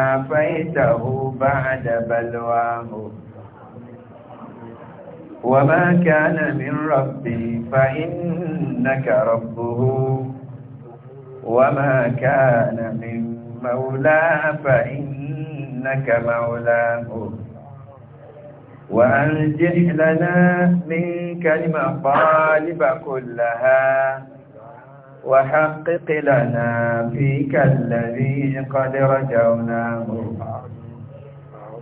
عافيته بعد بلواه وما كان من ربي فإنك ربه وما كان من مولاه فإنك مولاه وأنجح لنا من كلمة لمطالب كلها وحقق لنا فيك الذي قد رجوناه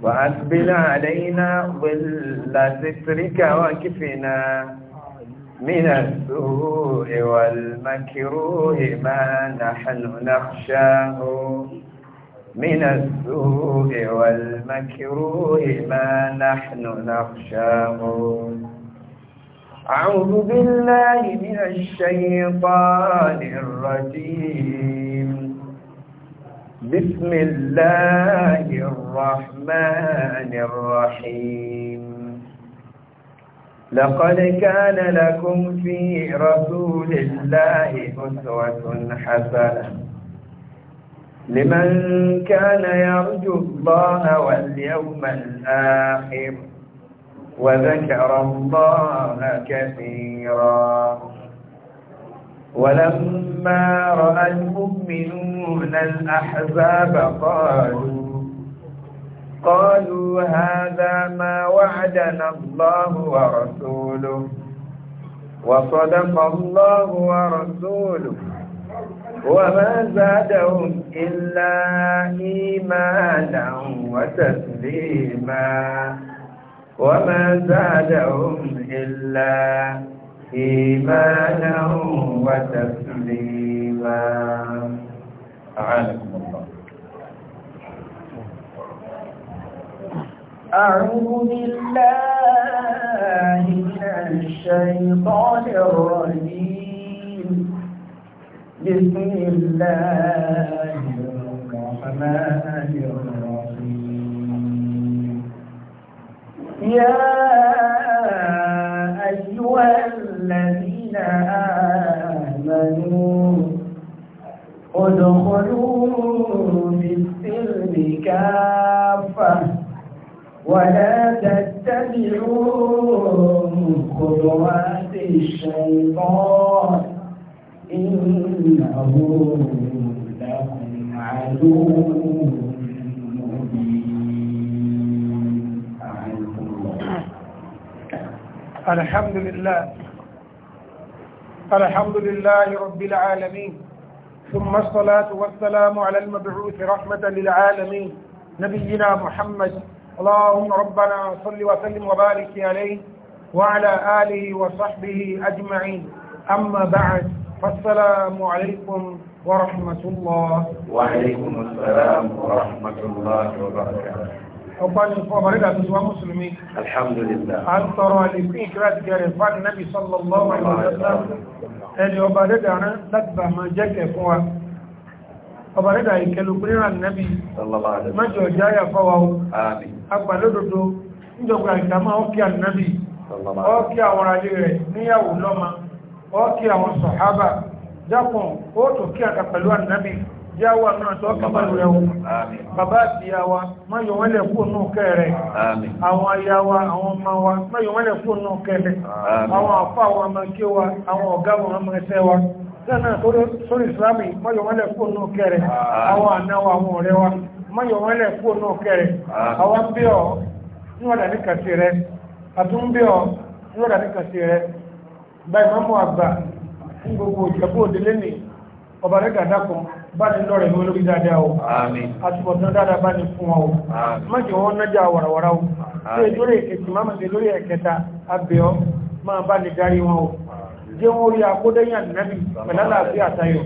وأسبل علينا ظل سترك وكفنا من السوء والمكروه ما نحن نخشاه من السوء والمكروه ما نحن نخشاه أعوذ بالله من الشيطان الرجيم بسم الله الرحمن الرحيم لقد كان لكم في رسول الله أسوة حسنة لمن كان يرجو الله واليوم الآخر وذكر الله كثيرا ولما رأى المؤمنون الأحزاب قالوا قالوا هذا ما وعدنا الله ورسوله وصدق الله ورسوله وما زادهم إلا إيمانا وتسليما وما زادهم إلا إيمانا وتسليما أعانكم الله أعوذ بالله من الشيطان الرجيم بسم الله الرحمن الرحيم يا أيها الذين آمنوا ادخلوا بالسلم كافة ولا تتبعوا خطوات الشيطان إنه لكم عدو الحمد لله الحمد لله رب العالمين ثم الصلاة والسلام على المبعوث رحمة للعالمين نبينا محمد اللهم ربنا صل وسلم وبارك عليه وعلى آله وصحبه أجمعين أما بعد فالسلام عليكم ورحمة الله وعليكم السلام ورحمة الله وبركاته ọ̀pá ni fún ọmọ rẹ̀dà tó ti wá mùsùlùmí. alhamdulillah. a ń tọrọ àdìsí ìkírà ti gẹ̀rẹ̀ fún nàbì sallallahu alaihi wasallam ẹni ọba rẹ̀dà rán láti bà máa àwọn alé rẹ̀ níyàwó lọ́mọ ọkí àwọn sàhábà jápọ̀n ó tó kí àkà pẹ̀lú ànábì jáwà náà tó kàmà ìrẹ̀wò bàbá àti yàwà má yọ wọ́n lẹ̀ fóònù kẹrẹ àwọn ayáwà àwọn ọmọ wa má yọ wọ́n lẹ̀ fóònù kẹrẹ àwọn àfà àwọn amáké wa àwọn ọ̀gá àwọn amẹ́sẹ́ wa lẹ́nà sórí ìsìlámì má yọ wọ́n lẹ̀ fóònù kẹrẹ àwọn àna wa àwọn ọ̀rẹ́ wa má yọ wọ́n lẹ̀ fóònù kẹrẹ àwọn bí ọ níwọ̀dà ní kàtì rẹ àtúnbí ọ níwọ̀dà ní kàtì rẹ báyìí má mú àgbà ní gbogbo ìjẹ́bú òdílé ní ọba rẹ̀ gàdákùn bá ní lọ́rẹ̀ ní olórí dáadáa o àtúbọ̀tán dáadáa bá ní fún wa o má jẹ́ wọ́n nájà wàràwàrà o tí lórí èkejì máa mẹ́sẹ̀ lórí ẹ̀kẹta abẹ́ọ́ máa bá ní darí wọn o jẹ́ wọ́n rí akódẹ́yàn nàbì pẹ̀lálà àti àtayọ̀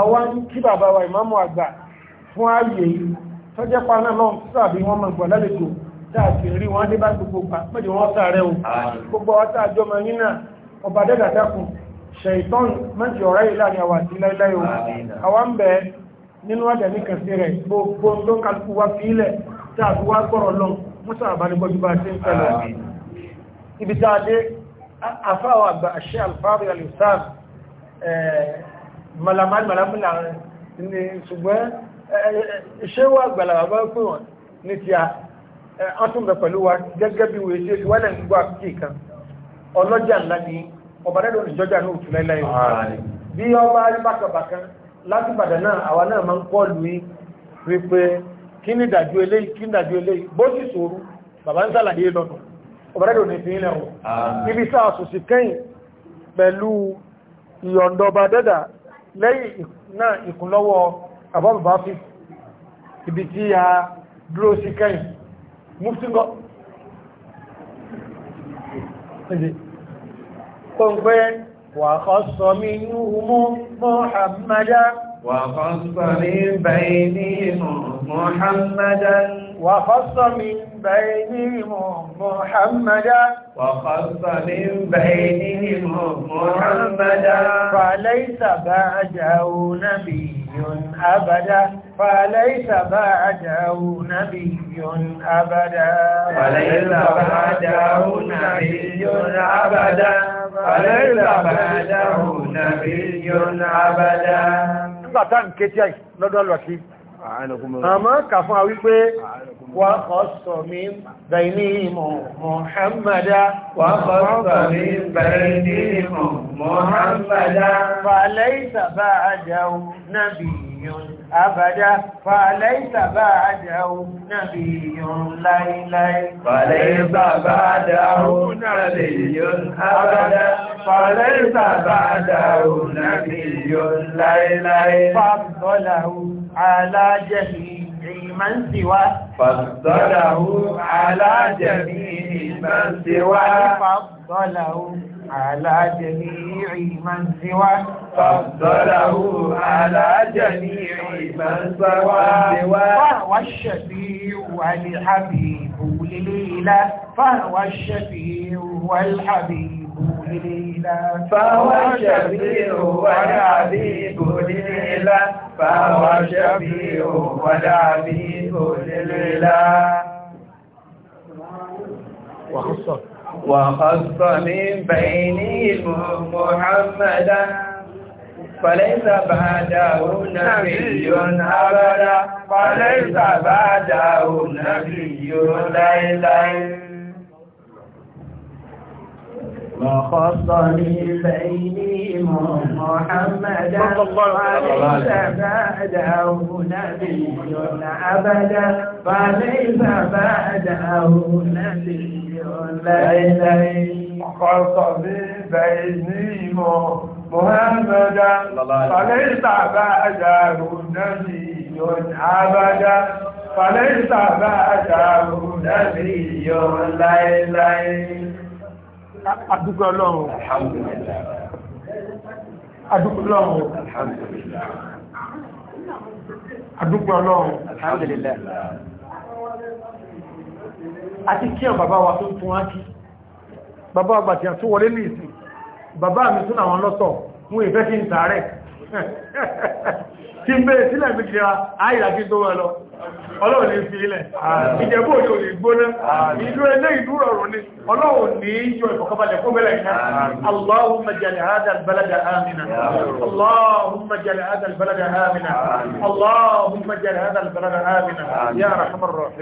àwọn kí bàbá wa ìmáàmù àgbà fún ààyè tọ́jẹ́ paná náà sábì wọ́n máa gbà lálejò táàkì rí wọ́n dé bá gbogbo pa mẹ́jọ wọ́n sáré o gbogbo ọtá àjọmọ̀ yínà ọba dẹ́gàdákùn ṣẹ̀ìtọ́n mẹ́jì ọ̀rá ìlà ni àwà sí láìláì o àwa ń bẹ nínú ọjà ní kẹsí rẹ̀ gbogbo tó ń kálukú wá fi ilẹ̀ tí a fi wá gbọ́rọ̀ lọ mọ́sà àbánigbọ́jú bá ṣe ń tẹ́lẹ̀ ibi tá a dé afáwọ̀ àgbà ṣe alfáàrí ti ń gbọ́ ọlọ́jà ńlá ni ọba dẹ́dọ̀ olùjọ́jà ní òtún láíláí o bí ọba bákàbàkan láti bàdàn náà àwa náà máa ń kọ́ lù í wípé kí ni ìdájú eléyìí kí ni ìdájú eléyìí bó sì sòrú bàbá ń sàlàyé lọ́dọ̀ ọba dẹ́dọ̀ ní ìpínlẹ̀ o ibi sáà sòsì kẹ́yìn pẹ̀lú ìyọ̀ndọba dẹ́dà lẹ́yìn náà ìkúnlọ́wọ́ àbábàbá fi ibi tí a dúró sí kẹ́yìn mufti وخص منهم محمدا وخص من بينهم محمدا وخص من بينهم محمدا وخص من بينهم محمدا فليس بعده نبي أبدا فليس بعده نبي أبدا فليس بعده نبي أبدا أليس بعده نبي أبدا nígbà tá ń ké tí àì lọ́dọ́ lọ sí àmọ́ kà fún àwí pé wà kọ́sọ̀ mi bẹ̀ẹ̀ni mọ̀ mọ̀hánmàdá wà kọ́sọ̀ mi bẹ̀ẹ̀ni mọ̀ mọ̀hánmàdá fàlẹ́ ìsàbá àjáwò náà bìí نبي أبدا فليس بعده نبي ليلي فليس بعده نبي أبدا فليس بعده نبي ليلي فضله على جميع من سوى فضله على جميع من سوى فضله على جميع من سواه فضله على جميع من سواه فهو الشفيع والحبيب لليلة فهو الشفيع والحبيب لليلة فهو الشفيع والحبيب لليلة فهو الشفيع والحبيب لليلة وخصوصا وخص من بينهم محمدا فليس بعده نبي أبدا فليس بعده نبي ليلا وخص من بينهم محمدا فليس بعده نبي أبدا فليس بعده نبي ليلي خلط بيني محمدا فليس بعده نبي أبدا فليس بعده نبي ليلي أدوك الله الحمد لله أدوك الله الحمد لله أدوك الله الحمد لله àti kí àwọn bàbá wa tó tún wá kí bàbá wa gbàtí àtún wọlé ní ìsìn bàbá mi tún àwọn lọ́tọ̀ mú ìfẹ́ kí n tààrẹ tí ń bèèrè sílẹ̀ méjì ra àìyà kí tó wà lọ ọlọ́run ní fi ilẹ̀ ìjẹ̀bú òjò lè gbóná ìlú ẹlẹ́ ìlú rọrùn ní ọlọ́run ní yọ ìfọ̀kọ́balẹ̀ kó bẹ̀rẹ̀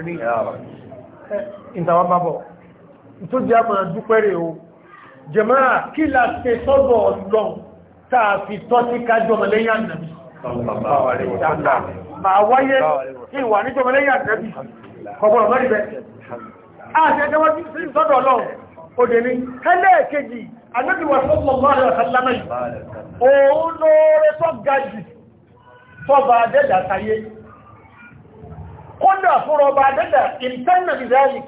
iná ìtàwàbàbọ̀ tó jẹ́ àmà dúpẹ́rẹ̀ o jẹmáà kí la ṣe sọ́dọ̀ ọlọ́n táà fi tọ́ sí kájọmọlẹ́yìn ànàbí máa wáyé ìwà ní jọmọlẹ́yìn ànàbí kọ̀gbọ̀rọ̀ mọ́rí bẹ́ àṣẹ́jẹ́wọ́n sí sọ́dọ̀ ọlọ́n yìí òun lóore tó ga jù tọ́ba kódà fúnra ọba adẹ́dà ìtẹ́nà ìdáyì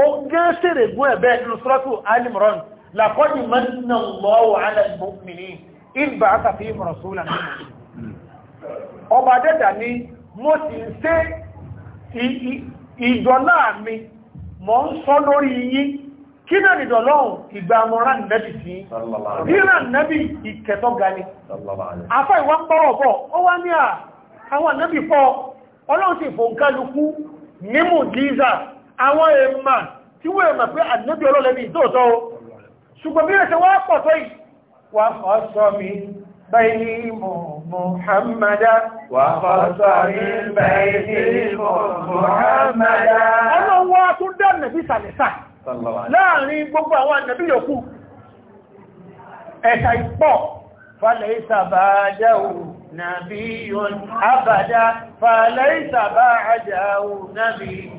ó gé sèrè gún ẹ̀bẹ́ ìlúsọ́tù alimran lakọ́dì mẹ́nà lọ́wọ́ alẹ́gbọ́mìnì ìgbà àtàfí ìmọ̀rọ̀sọ́lá ọba adẹ́dà ni mo ti ń sé ìdọ́lá mi mọ́ ń sọ lórí yí kí náà nìdọ̀lọ́hùn ìgbà mọ́ra nẹ́bì sí ìrà ọlọ́run sì fún kálukú nímú jíza àwọn èèmà tí wọ́n èèmà pé àdínábí ọlọ́lẹ́bí ìtòótọ́ ṣùgbọ́n bí ẹ̀ṣẹ̀ wá pọ̀tọ́ yìí wà fọ́sọ́ mi بيني محمدا وخصمي بيني محمدا ọlọ́run wá tún dá nàbí sàlẹ̀sà láàrin gbogbo àwọn nàbí yòókù ẹ̀ṣà ìpọ̀ falẹ̀ ìsàbájáwò نبي أبدا فليس بعده نبي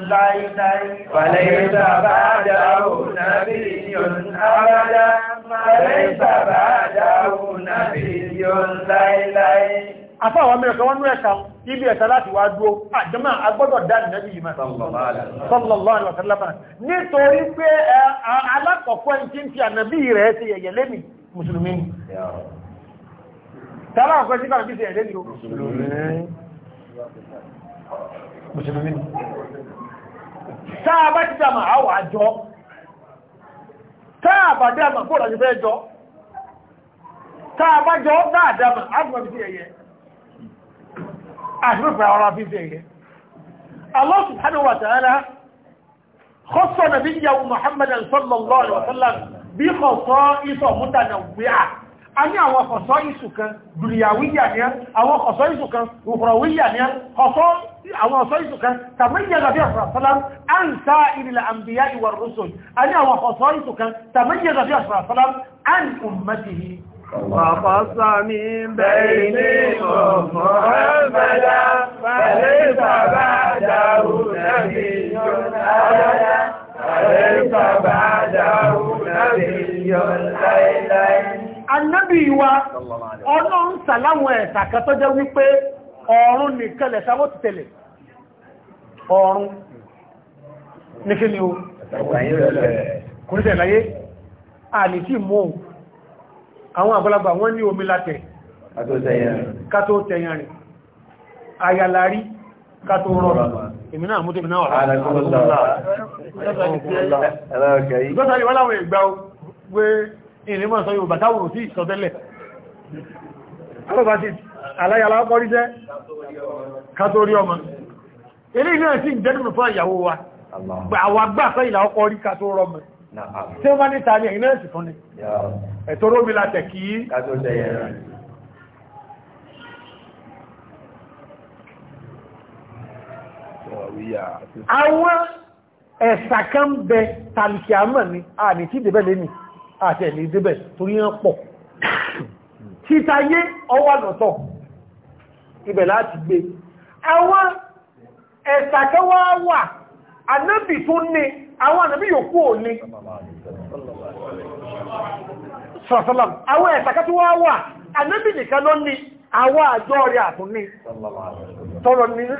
ليلا فليس بعده نبي أبدا فليس بعده نبي ليلا Afọ́ àwọn mẹ́rin kan wọ́n ní ẹ̀ka ibi ẹ̀ta láti wá dúó, ah, àjọmọ́ agbọ́dọ̀ dáadì nẹ́bí yìí máa sallallahu alaihi wa sallam. Nítorí pé eh, alákọ̀ọ́kọ́ ẹni tí ń fi ànàbí rẹ̀ ṣe yẹ̀yẹ̀ lẹ́mì Mùsùlùmí tàbí àwọn kọ́sí kàrọ̀ bí i ẹ̀lẹ́ ìrò mùsùlùmí sáà bá ti dàmà àwọ̀ àjọ sáà bá dàmà bóòrò àjọ fẹ́ jọ sáà bá jọ sáà dàmà àgbà bí i ẹ̀yẹ àṣírífẹ́ ọ̀rọ̀ bí i ẹ̀yẹ Allah subhanahu wa ta'ala khassa nabiyyahu Muhammadan sallallahu alaihi wa sallam bi khasa'is mutanawi'ah a ní àwọn ọ̀sọ́ ìsù kan dùnìyàwíyà ní àwọn ọ̀sọ́ ìsù kan òfòròwíyà ní àwọn ọ̀sọ́ ìsù kan tàmíyà gàbí àṣàṣàlá an sá ìrìnlẹ̀ àmbìyà ìwà rúsùn a ní àwọn ọ̀sọ́ ìsù kan tàmíyà gàbí àṣàṣàlá an ummatihi وخص من بينهم محمدا فليس بعده نبي أبدا فليس بعده نبي أيضا annabi wa ọlọ́run sàláwọn ẹ̀sà kan tó jẹ́ wípé ọ̀run nìkan lẹ̀sà wọ́n ti tẹ̀lẹ̀ ọ̀run ní kí ni o kúrúsẹ̀ láyé àní tí mú àwọn àgbàlagbà wọ́n ní omi látẹ̀ kátó tẹ̀yàn rẹ̀ ayàlárí kátó rọrọ̀ ìmìnà àmúdé ìmìnà ọ̀rọ̀ ìrìnmọ̀ sọ yóò bàtàwòrò sí ìsọ̀tẹ́lẹ̀ alọ́bàtí aláyàlá ọkọ̀rí jẹ́ kàtórí ọmọ ilé ilé sí ìjẹ́dùnù fún ìyàwó wa àwọn agbá fẹ́ ìlà ọkọ̀rí kàtórí ọmọ tí ó bá ní tàbí ẹ̀yìn náà sì fún ni ẹ̀tọ́ rómi látẹ̀ kí àwọn ẹ̀sà kan bẹ tàbí kìámọ̀ ni a ní tí ìdẹ̀bẹ̀ lé ni àti ẹ̀lẹ́ ìdébẹ̀ torí hàn pọ̀ títayé ọwà lọ́tọ̀ ibẹ̀ láti gbé àwọn ẹ̀sàkẹ́wà wà anábì tó ní àwọn anábì yòókù ò ní sọ̀rọ̀sọ́lọ́m àwọn ẹ̀sàkẹ́ tó wá wà anábì nìkan ló ní àwọn àjọ rẹ̀ àtún ní tọ́rọ nínú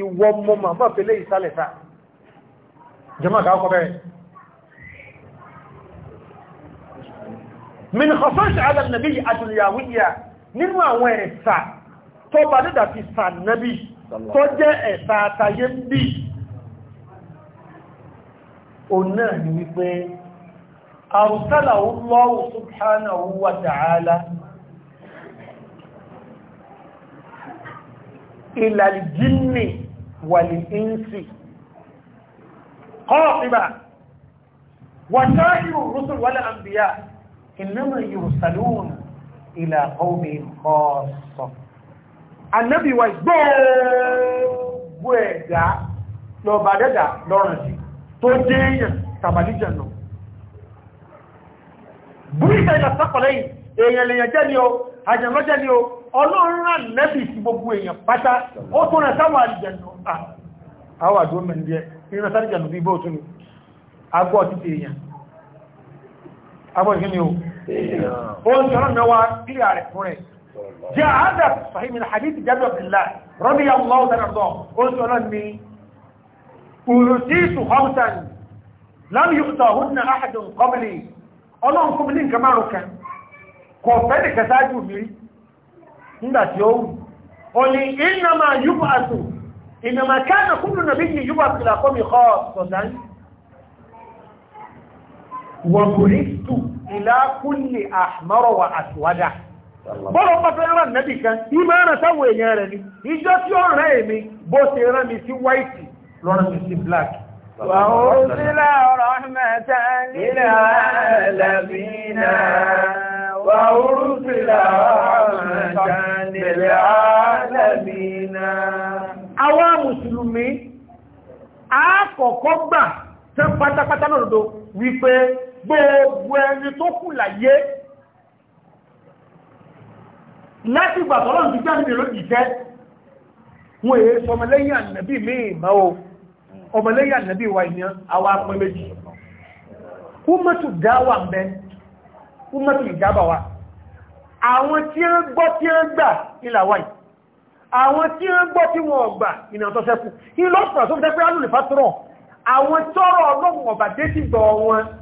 ìwọ mọ́ màmá fẹ́lẹ́ ìsálẹ̀ta jẹ́mọ́ àkàkọ́ bẹ́ẹ̀ min khafash ala nabi adúlìyàwóyà nínú àwọn ẹ̀sà tó bá dídà ti sà nabi tó jẹ́ ẹ̀sà àtàyé ń bí o náà ni wípé àrùsálà Allahu subhanahu wa ta'ala ila al-jinni wal-insi qatiba wa sa'iru rusul wal-anbiya ìnáma yursalun ìlà قوم خاص النبي wa gbogbo ẹ̀dá lọ́ba dẹ́dà lọ́rùn sí tó dé èèyàn tàbàlíjà náà búrú ìtẹ́jà sápọ̀lẹ́yìn èèyàn lèyàn jẹ́ ni o àjẹ̀lọ́jẹ́ ni o ọlọ́run rán nẹ́bì sí gbogbo èèyàn pátá ó tó rẹ̀ sáwà àjẹ̀nù àwọn àdúgbò mẹ́rin jẹ́ ìrìnà sáàjẹ̀nù bí bóòtú ni agbó ọ̀tí èèyàn agbọ́n gini o oun tí ọlọ́nà wa kílì ààrẹ fún rẹ̀ jẹ́ àádà sahimin hadith jabir abdullah rọ́bí ya mọ́ ọ̀tọ́ ọ̀tọ́ oun tí ọlọ́nà ni ulusitu hamsan lam yuqta hunna ahadun qabli ọlọ́run fún mi ní nǹkan márùn kan kò fẹ́ ní kẹsáájú mi rí nígbà tí ó wù ó ní wàbùrìtù ìlàkúnlè àmọ́rọ̀wà àtìwádà bọ́lọ̀ pàtàkì nẹ́bì kan ìmọ̀ ẹ̀rẹ̀ sáwọn èèyàn rẹ̀ ni ìjọ tí ó rẹ̀ èmi bó ṣe rán mi sí white lọ́rọ̀ mi sí black wàhúsílà rọ̀hmẹ́ta lílẹ̀ àlàmínà gbà tán pátápátá lọ́dọ̀ wípé gbogbo ẹni tó kù láyé láti ìgbà tọ́lọ́n ti gbá níbi lókì jẹ́ wọ́n èé sọ ànàbí míì mọ́ o ọmọlẹ́yìn ànàbí wa ìyàn àwọn apẹ́ méjì kúmọ̀tù dáwà ń bẹ kúmọ̀tù ìjábà wa àwọn tí ó gbọ́ tí ó gbà ìlàwà yìí àwọn tí ó gbọ́ tí wọ́n gbà ìnà tó àwọn tọ́rọ̀ ọlọ́run ọ̀bà dé ti gbọ́ wọn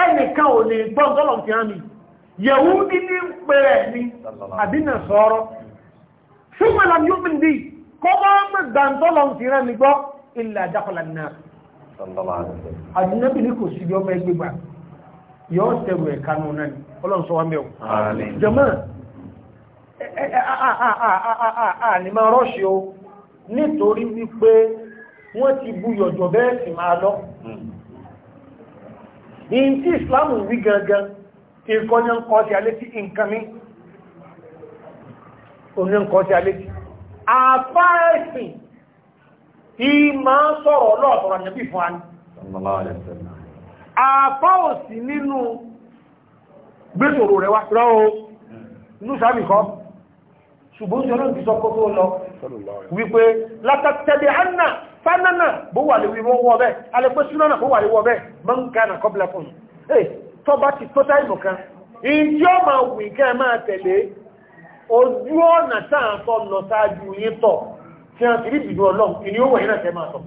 ẹnìkan ò ní gbọ́ntọ́lọ̀ fi hàn mi Yẹ̀húdí ní pẹ̀rẹ̀ ní àbínà sọ́rọ̀ ṣùgbọ́n làm yóò mìí bí kọ́ bá mọ̀ gbàntọ́lọ̀ fi hàn mi gbọ́ ilẹ̀ àjákọ̀lá náà àdínábì ní kò sí ọmọ ẹgbẹ́ gbà yọ́ tẹ̀rù ẹ̀ka náà ọlọ́run in tí islamu wí gangan ìkọ́nyẹ́ ń kọ́ sí alétí nǹkan mi oní ń kọ́ sí alétí àfáẹ́sìn ìmá sọ̀rọ̀ ọlọ́ọ̀tọ̀rọ̀ àjẹ́bí fún àní àfá òsì nínú gbésòrò rẹ̀ wá rọ́ o inú sáàmì kọ́ ṣùgbọ́n fanana bó wà léwu ìwọ wọ bẹ́ẹ̀ alẹ́pẹ́ súnánà bó wà léwu ọbẹ̀ mọ́nkà nà kọ́bílẹ̀ fún un ti tó táìmù kan ìdí ọmọ wì kẹ́ máa tẹ̀lé ojú ọ̀nà táà sọ lọ sáájú yín tọ̀ tí a ti rí bìdú ọlọ́run kì ní ó wẹ̀yìn náà tẹ́ máa tọ̀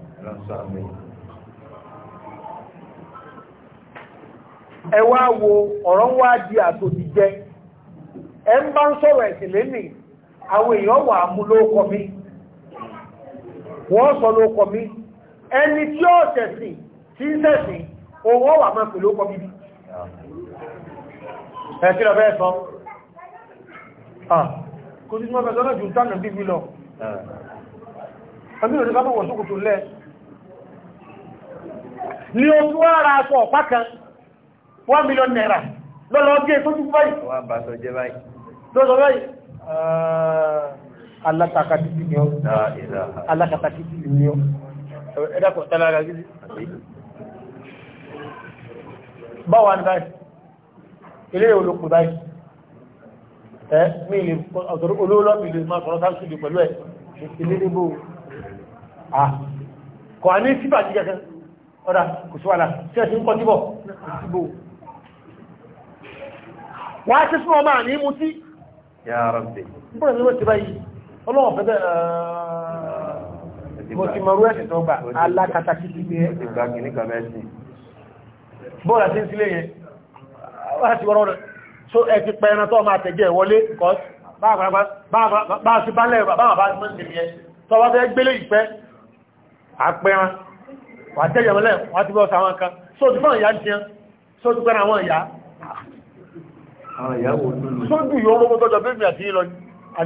wọ́n sọ ló kọ mí ẹni tí ó tẹ̀sìn tí ń tẹ̀sìn owó wà máa pẹ̀lú ọkọ̀ bíbí ẹ̀kí lọ bẹ́ẹ̀ sọ kò sí mọ́bẹ̀ sọ́nà jù tánà bíbí lọ ẹ̀mí òní kápọ̀ wọ̀sùn kùtù lẹ́ ní oṣù ara aṣọ ọ̀pá kan 1 million naira lọ́lọ́ gẹ́ tó e jù báyìí alákatakítì ni ọ́ alákatakítì ni ọ́ ẹ̀dàkọ̀ tẹ́lára gidi báwa ní báyìí ilé olókù báyìí ẹ́ mi lè ọ̀tọ̀rọ̀ olóòlọ́mì lè máa sọ̀rọ̀ sáàsù lè pẹ̀lú ẹ̀ ilé níbò kọ̀ ní síbà jí gẹ́gẹ́ ọ̀dà kò sí wàlá tí ẹ̀sìn kọ́ níbọ̀ síbò wá sí súnmọ́ máa ní mú sí yára bẹ̀rẹ̀ ọlọ́wọ̀n fẹ́ bẹ́ẹ̀ eh, mo ti mọ̀rú ẹ̀sìn tó gbà alákatakí ti gbé bọ́ọ̀lá tí ń sílé yẹn wá sí wọ́n rẹ̀ so ẹ ti pẹ ẹran tó máa tẹ̀jẹ̀ wọlé kọ́s bá sí bálẹ̀ bá bá sí mẹ́sìlẹ̀ tó wá fẹ́ gbélé ìpẹ́ àpẹran wà tẹ́jẹ̀ mọ́lẹ̀ wà ti bọ́ sáwọn kan so ti fọ́n ìyá ń tiẹ́ so ti pẹ́ra àwọn ìyá so dù yóò mọ́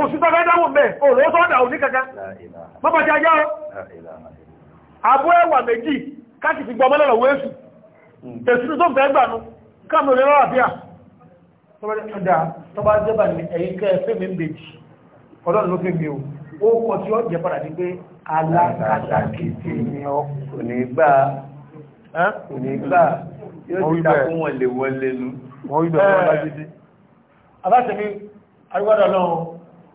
kò sí tọ́fẹ́ dáhùn mẹ́ òòrùn ó sọ́dà òní kankan mọ́bà tí a yá ọ́ àbú ẹwà méjì káàkì ti gbọmọ́ lọ́wọ́ èsù hmm. èsù tó fẹ́ gbà nú káàmù olè lọ́wọ́ àbíà tọ́bá jẹ́bà ní ẹ̀yìn kẹ́ fẹ́ mi méjì ọlọ́run ló fẹ́ mi o ó kọ tí ó jẹ padà ní pé alákàtàkìtì ni ọ kò ní gbà kò ní gbà yóò ti takún wọn lè wọlé nu wọ́n wí bẹ̀rẹ̀ wọ́n lájú sí abáṣẹ́mi arígbádọ̀ lọ́wọ́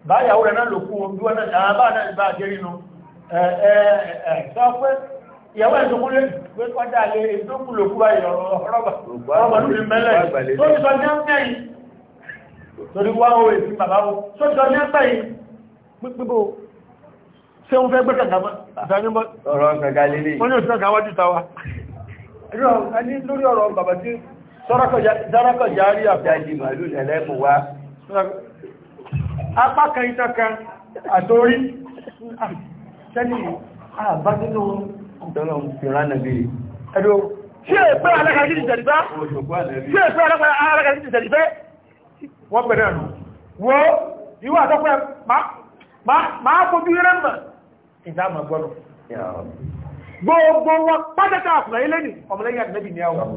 báyàwó rẹ̀ náà ló kú omi wọn náà bá náà bá jẹ́rí nu ẹ̀ẹ́sọ́pẹ́ ìyàwó ẹ̀sùn kúrẹ́ pé kọ́dá lé ìdókù ló kú báyìí ọ̀rọ̀bà lórí mẹ́lẹ̀ tó ti sọ ní ọ́pẹ́ yìí torí wá o èsì bàbá o tó ti sọ ní ọ́pẹ́ yìí pípípò ṣé wọ́n fẹ́ gbé kàkà mọ́ àtàníbọ́ ọ̀rọ̀ kàkà lílé wọ́n ní òṣìṣẹ́ kàwájú tàwa lórí ọ̀rọ̀ bàbá tí sọ́rọ̀kọ̀ járí àpò apá kan ìtàkà àtórí ṣẹ́lì ah, àbá ah, nínú ọ̀dọ́lọ̀ ìrànàbí ẹ̀dọ́ ṣe pé alákàrí ìjẹ̀lìbá ṣe pé alákàrí ìjẹ̀lìbá wọ́n pẹ̀lẹ̀ rù wọ́ ìwọ́ àtọ́pẹ́ máa fojú rẹ̀ mọ̀ ìdámà gbọ́nù gbogbo wọn pátẹ́ta àkùnrin ilé ni ọmọlẹ́yìn àdínẹ́bì ni àwọn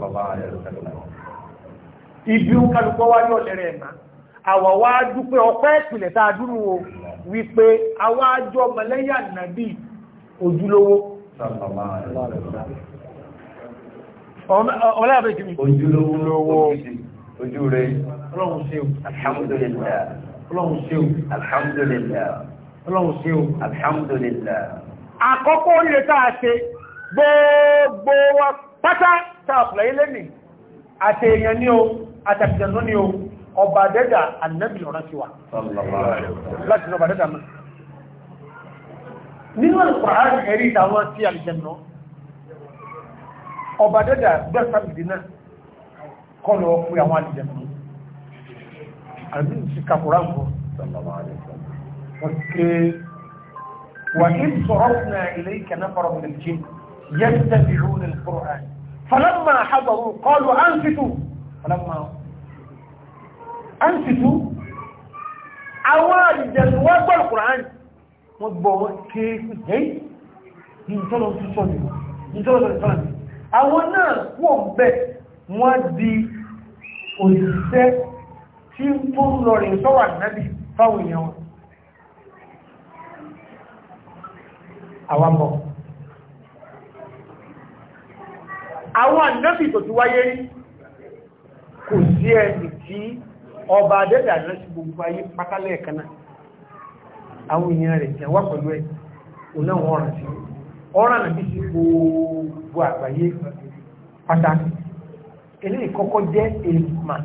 ibi ó kálukọ́ wáyé ọ̀lẹ́rẹ̀ ẹ̀mà àwa wá dúpẹ́ ọpẹ́ ìpìlẹ̀ tá a dúró o wípé àwa àjọ mọ̀lẹ́yà nàbí ojúlówó ọlọ́yàbẹ̀ kìí ojúlówó ojú rẹ̀ ọlọ́run ṣe o alhamdulillah ọlọ́run ṣe o alhamdulillah ọlọ́run ṣe o alhamdulillah àkọ́kọ́ oríire tá a ṣe gbogbo wa pátá tá fìlẹ̀ ilé mi àti èèyàn ní o àtàkìjànú ní o ọba dẹ́dà ànábì ọ̀rán ti wà láti ọba dẹ́dà mọ́ nínú Al-Qur'an ẹ̀rí ìtàwọn tí àlìjẹ̀nà ọba dẹ́dà gbẹ́sà ìdínà kọlọ pé àwọn àlìjẹ̀nà àbí sí kàkùrá ń bọ̀ وإذ صرفنا إليك نفر من الجن يتبعون القرآن فلما ánsìtú àwọn àjẹ̀lú wọ́n gbọ́ ìkùránì wọ́n gbọ́ wọ́n kéèkù hey ìtọ́lọ̀ tún sọ́nà ìtọ́lọ̀ tún sọ́nà àwọn náà wọ́n bẹ̀ wọ́n di òṣìṣẹ́ tí ń tó ń lọ rìn sọ́wà náàbì fáwọn èèyàn wọn àwọn bọ̀ àwọn ànábì tó ti wáyé kò sí ẹni tí ọba adẹ́dà láti gbogbo ayé pátálẹ̀ ẹ̀kaná àwọn èèyàn rẹ̀ jẹ́ wá pẹ̀lú ẹ̀ onáwọn ọ̀ràn sí ọ̀ràn àbí sí gbogbo àgbáyé pátá ilé ìkọ́kọ́ jẹ́ èèmà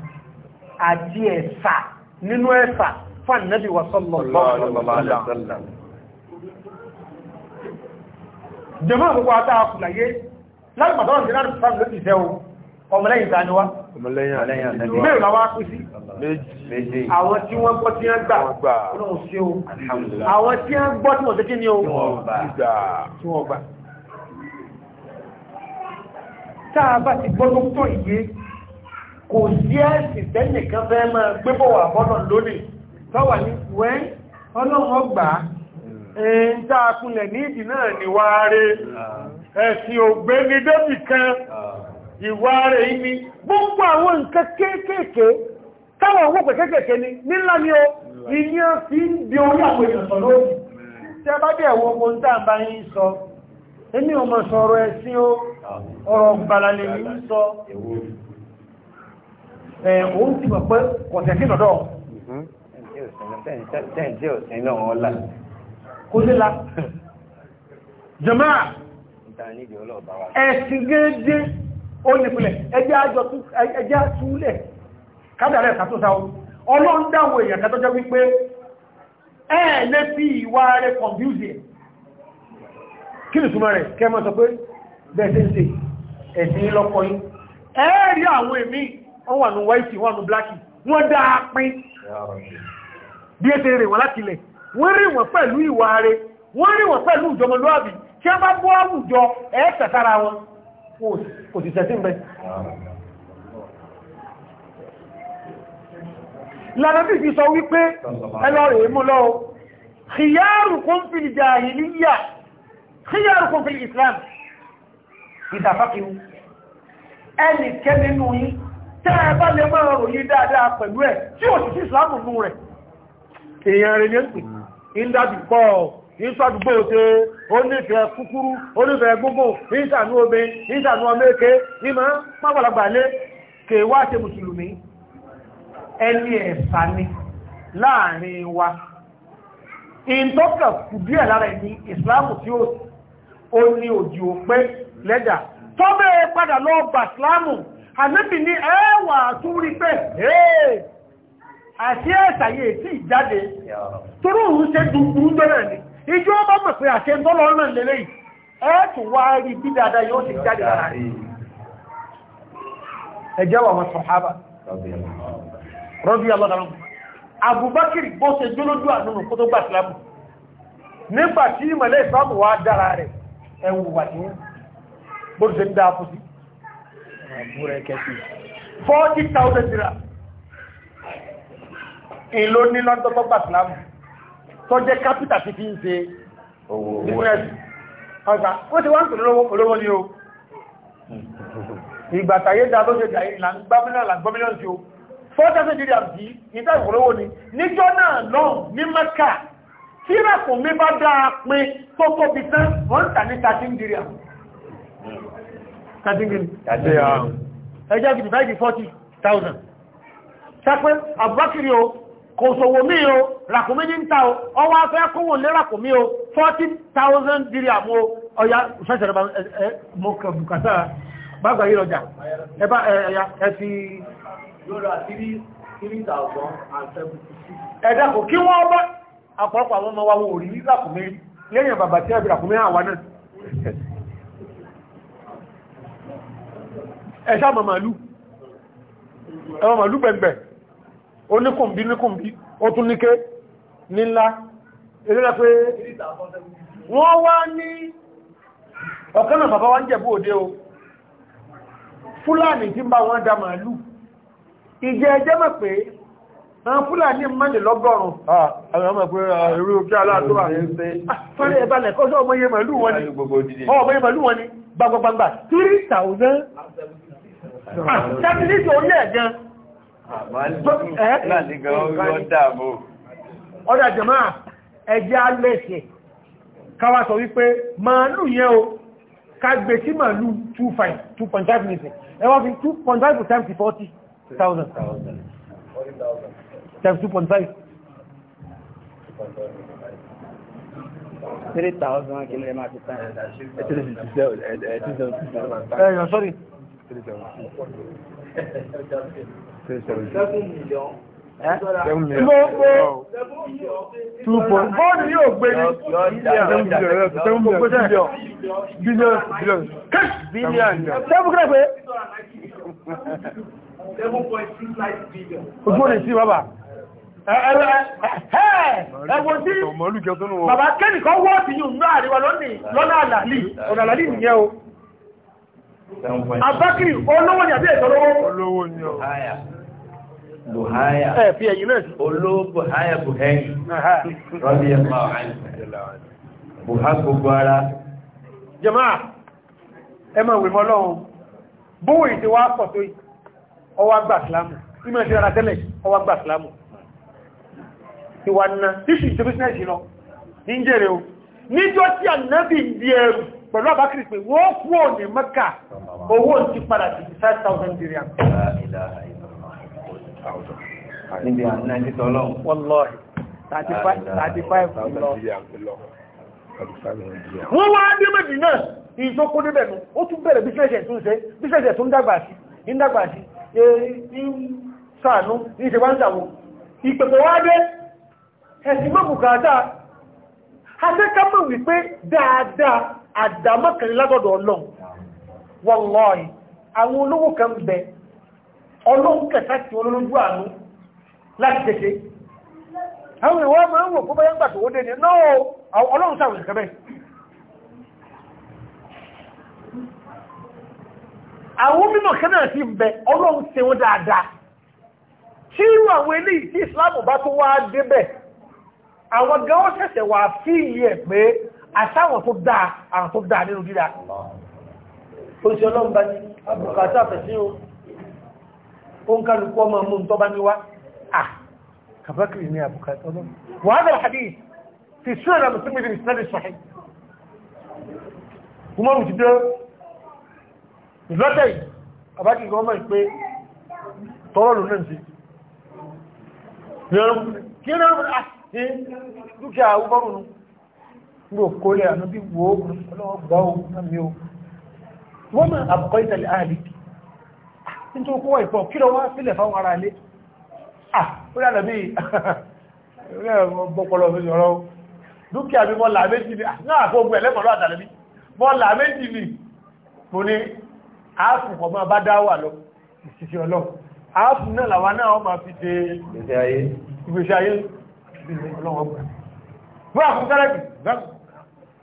àti ẹ̀sà nínú ẹ̀sà fún ànábì wa sallallahu alaihi wasallam jẹ́mọ́ àkókò àtàkùnláyé láti pàtàkì náà ọmọlẹ́yìn ta ni wá mẹ́rin la wá kú sí àwọn tí wọ́n gbọ́ tí wọ́n gbà ọlọ́run sí o àwọn tí wọ́n gbọ́ tí wọ́n tẹ́kí ni o tí wọ́n gbà táà bá ti gbọ́ tó ń tó ìgbé kò sí ẹ̀sìn tẹ́nìkan fẹ́ máa gbébọ̀ wà bọ́nà lónìí tọ́wà ní wẹ́n ọlọ́run ọgbà hmm. ẹ̀ẹ́n táà kúnlẹ̀ ní ìdì náà ni wá rí ah. ẹ̀sìn ògbéni débì kan ah ìwà rẹ̀ imi gbogbo àwọn nǹkan kéékèèké táwọn owó pẹ̀ kéékèèké ni nílá ni ó ilé fi ń di orí àwọn èèyàn sọ a bá dẹ̀ wọ ọmọ ń tàn bá yín sọ èmi ọmọ sọ̀rọ̀ ẹ̀sìn ó ọ̀rọ̀ gbalale ní sọ ẹ̀ òun ti mọ̀ pé kọ̀tẹ̀ sí lọ́dọ̀ kó mhm. lé la jẹ́mọ́ ẹ̀sìn gẹ́gẹ́ ó nípìnlẹ̀ ẹjẹ́ àtúlẹ̀ kádàrẹ̀ ìsàtúnsáwó ọlọ́run dáwọ èèyàn kẹtọ́ jẹ́ wípé ẹ lè fi ìwà rẹ̀ kọ̀bíúsì kí ni túnmọ̀ rẹ̀ kẹmọ́ sọ pé bẹ̀ẹ̀sẹ̀ ẹ̀sìn lọ́pọ̀ yìí ẹ̀ẹ́rí àwọn èmì wọ́n wà ní white wọ́n ní black wọ́n dá pín bí é tẹ́rẹ wọ́n láti lẹ̀ wọ́n rí wọ́n pẹ̀lú ìwà rẹ̀ wọ́n rí wọ́n pẹ̀lú ìjọmọlúwàbí kí a bá bọ́ àwùjọ ẹ̀ẹ́ tẹ̀sára wọn kò sì tẹ̀sí mbẹ́. lànàbí fi sọ wípé ẹlọ́rẹ̀ mú lọ khiyarukum fil jahiliya khiyarukum fil islam ìdàfàkíwú ẹni kẹ́nínú yí tẹ́ẹ̀ bá lè máa rò yí dáadáa pẹ̀lú ẹ̀ tí ò sí islamu nú rẹ̀ èèyàn rẹ̀ ní ẹ̀sìn ìdájú pọ̀ ìsọdúgbò ṣe onífẹ̀ẹ́ kúkúrú onífẹ̀ẹ́ gbogbo ìsànú omi ìsànú ọmọ èké ìmọ̀ pápálàgbà lé kèwà ṣe mùsùlùmí ẹni ẹ̀sà ni láàrin wa ìntọ́kà kù díẹ̀ lára ẹni ìsìláàmù tí ó ní òjì òpẹ́ lẹ́dà tọ́bẹ̀ padà lọ bà ìsìláàmù ànábì ní ẹwà tó rí pẹ́ àti ẹ̀sà yìí tí ìjáde torí òun ṣe dùkú jọ́nà ni ìjọ ọba mọ̀ pé àṣẹ tọ́lọ náà lélẹ̀ yìí ẹ́ẹ̀tù wá rí bí dáadáa yóò ti jáde lára ẹjẹ́ wà wọn sọ̀hábà rọ́bí alọ́dàrán Abubakar bó ṣe jólójú àdúnnù kó tó gbà sílámù nígbà tí ìmọ̀lẹ́ ìsìlámù wá dára rẹ̀ ẹwù wà ní bó ṣe ń dáa fún tó jẹ́ kápítà ti fi ń ṣe bísínẹ́sì ọgbà ó ti wá ń pèlú olówó ní o ìgbà tàyé dá tó ṣe jà ìlàgbọ́mílíọ̀n tí o fọ́tẹ́sẹ̀ jírí àbí ìta ìwòlówó ni níjọ́ náà náà ní mẹ́kà tí rẹ̀kùn mi bá dáa pin tó tóbi tán wọ́n tà ní 13 jírí àbí 13 jírí ẹjẹ́ gidi 40,000 sápẹ́ àbúbákiri o kò sòwò mí o ràkùnmí ní ń ta o ọwọ́ afẹ́ kúwò lé ràkùnmí o 40,000 dirham o ọya ṣẹ́ṣẹ̀rẹ̀ mọ́ bùkátà bàgbà yìí lọ́jà ẹbá ẹ̀yà ẹ̀fì ẹ̀dàkù kí wọ́n bá àpọ̀lọpọ̀ àwọn ọmọ wa wò rí ràkùnmí lẹ́yìn bàbá tí ẹ̀bì ràkùnmí àwa náà ẹ̀ṣà màmàlú ẹ̀wọ̀n màlú gbẹ̀gbẹ̀ oníkùnbí níkùnbí ó tún níké nílá eléra pé wọ́n wá ní ọ̀kánà bàbá wá ń jẹ̀bú òde o fúlàní tí ń bá wọn dá màálù ìjẹ ẹjẹ́ mọ̀ pé àwọn fúlàní mọ́lẹ̀ lọ́gọ́rùn àwọn ọmọ pé irú kí aláàtúwà ah, fẹ́rẹ̀ ẹbálẹ̀ kọ́sọ́ láti gan yọ dààmú. ọ̀dà jẹ̀mọ́ ẹjẹ́ alẹ́sẹ̀ káwà sọ wípé màálù yẹn o kágbé sí màálù 2.5 million ẹ fi 2.5 times 40 thousand times 2.5 3,000 kìlọ̀ ẹ̀mà ti tán ẹ̀yàn Gbogbo two point bọ́ọ̀lù yóò gbé ní seven billion seven billion billion billion billion seven kúrẹ́ pé seven point six nine billion. Ojú òde sí bàbá ẹwọ sí bàbá kẹ́nìkan wọ́ọ̀tì yìí ń gbá àríwá lọ́nà àlàlì ọ̀nà àlàlì nìyẹn o. Abákìrì olówó ni àbí ìtọ́lówó. Olówó ni ọ̀. Buhaya. Ẹ fi ẹ̀yìn náà sí. Olówó Buhaya Buhari. Rọ́bí ẹ̀ máa wà ní. Buha gbogbo ara. Jàmáà, ẹ máa wè mọ́ lọ́wọ́. Bówó ìdí wá pọ̀ tó yìí, ọwá gbà sílámù. Ìmọ̀ ìṣẹ́ ara tẹ́lẹ̀, ọwá gbà sílámù. Ìwà nà, tíṣì ìṣẹ́ bísínẹ̀sì lọ, ní ń jèrè o. Níjọ́ tí ànábì ń di ẹrù, pẹ̀lú àbákìrì pé wọ́n kú ò ní mẹ́kà owó ti padà sí 5,000 dirham. níbi àwọn náà ti tọ́lọ́ wọ́lọ́ọ̀hì 35 lọ. wọ́n wá dé méjì náà ìjókòó débẹ̀ nù ó tún bẹ̀rẹ̀ bíṣẹ́ṣẹ̀ tún ṣe bíṣẹ́ṣẹ̀ tún dàgbà sí ń dàgbà sí sàánú ní ìṣẹ́wà ń sàwò ìpẹ̀pẹ̀ wá dé ẹ̀sìn mọ́kùnkà dáa a fẹ́ ká mọ̀ wípé dáadáa àdámọ́kànlẹ́ látọ̀dọ̀ ọlọ́run wallahi àwọn olówó kan bẹ ọlọ́run kẹta tí wọ́n àánú láti tẹ́ṣe àwọn ìwọ́ máa ń wò fún báyẹ́ ń gbà tó ní ọlọ́run sáwọn ìṣẹ́kẹ́ àwọn mímọ̀ kanáà àtàwọn tó dáa àwọn tó dáa nínú dídá oṣù ọlọ́mba ní àbùkátà fẹ̀sí o ó ń kálukú ọmọ mú ń tọ́ba ní wá à kàbákìrì ní àbùkátà ọlọ́mba wàhálà hadith fi sunan mùsùlùmí bin sinadi sahih umaru ti dé ìlọ́tẹ̀ yìí àbákìrì kan mọ̀ pé tọ́rọ̀ ló náà sí kí ni ó ń gbò kórè àánú bí wo ọlọ́wọ́ gbọ́ ohun náà mi o wọ́n mọ̀ àbùkọ́ ìtàlẹ̀ ààlì ah, nítorí kó wà ìpọ̀ kí lọ wá sílẹ̀ fáwọn ará ilé ah ó yà lọ́bí bọ́pọ̀lọ́ mi sọ̀rọ̀ dúkìá mi mọ́ làméjì ni ah, náà kó gbẹ̀ lẹ́mọ̀lọ́ àtàlẹ́ mi mọ́ làméjì ni mo ní áàfù kọ̀ máa bá dá wà lọ ìsìsì ọlọ́ áàfù náà làwa náà wọ́n máa fi ṣe ìgbésí ayé ìgbésí ayé ọlọ́wọ́ gbà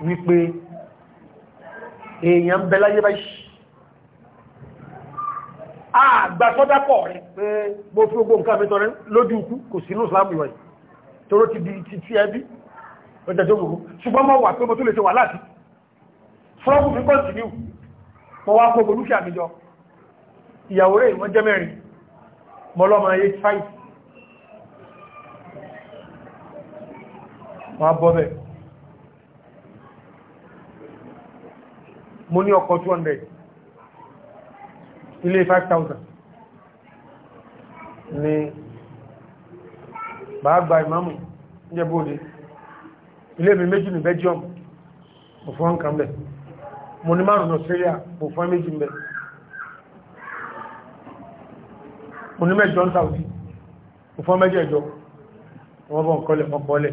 wípé èèyàn bẹ láyé báyìí àgbàsọ́dápọ̀ rẹ̀ pé mo fi ogbó nǹkan mẹ́tọ̀ rẹ̀ lójú ikú kò sínú islam ìwọ̀n tóró ti di ti ti ẹbí ọjọ́jọ́ gbogbo ṣùgbọ́n mọ́ wà pé mo tó lè ṣe wà láti fọ́ọ̀mù fi kọ́ntínú mọ́ wá kó bolúkì àmìjọ ìyàwó rẹ̀ wọ́n jẹ́ mẹ́rin mọ́lọ́mọ 85 wọ́n bọ́ bẹ́ẹ̀ mo ní ọkọ̀ 200 ilé 5000 ni bàá gba ìmáàmù jẹ́bóde ilé mi méjì ní Belgium mo fún ọ́nkà mẹ́ mo ní márùn-ún Australia mo fún méjì mẹ́ mo ní mẹ́jọ ń Saudi mo fún mẹ́jọ ẹjọ́ wọ́n bọ́ ń kọ́lẹ̀ mọ́kọ́lẹ̀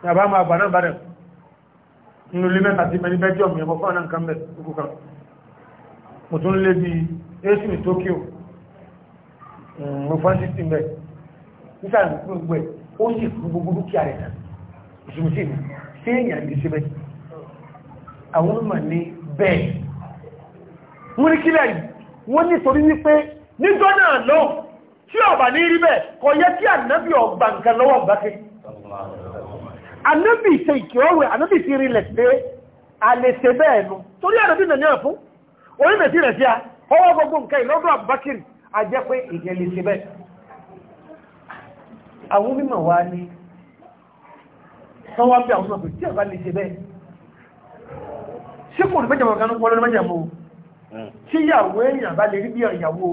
ní àbámọ́ àgbà náà bá rẹ̀ nínú ilé mẹ́ta tí mẹ́ni belgium yẹmọ fún àwọn nǹkan bẹ̀rẹ̀ òkú kan mo tún lé bí ac ní tokyo mm, mo fún system bẹ̀ nígbà gbogbo ẹ̀ ó sì fún gbogbo dúkìá rẹ̀ náà ìṣòro sí mi sí èèyàn lè ṣe bẹ́ẹ̀ àwọn ọmọ ní bẹ́ẹ̀ wọ́n ní kílẹ̀ yìí wọ́n nítorí wípé níjọ́ náà lọ tí ọ̀bà ní rí bẹ́ẹ̀ kò anábì ṣe ìkìọ́wẹ̀ anábì fi rí lẹ̀ pé a lè ṣe bẹ́ẹ̀ nu torí anábì nà ní ọ̀fún orí nà sí rẹ̀ sí a ọwọ́ gbogbo nǹkan ìlọ́dọ̀ Abubakar a jẹ́ pé ìjẹ́ lè ṣe bẹ́ẹ̀ àwọn mímọ̀ wá ní sọ wá bí àwọn ọ̀pẹ̀ tí ọ̀gá lè ṣe bẹ́ẹ̀ ṣé kò ní mẹ́jọ kan wọ́n lọ́nà mẹ́jọ tí ìyàwó èèyàn bá lè rí bí ìyàwó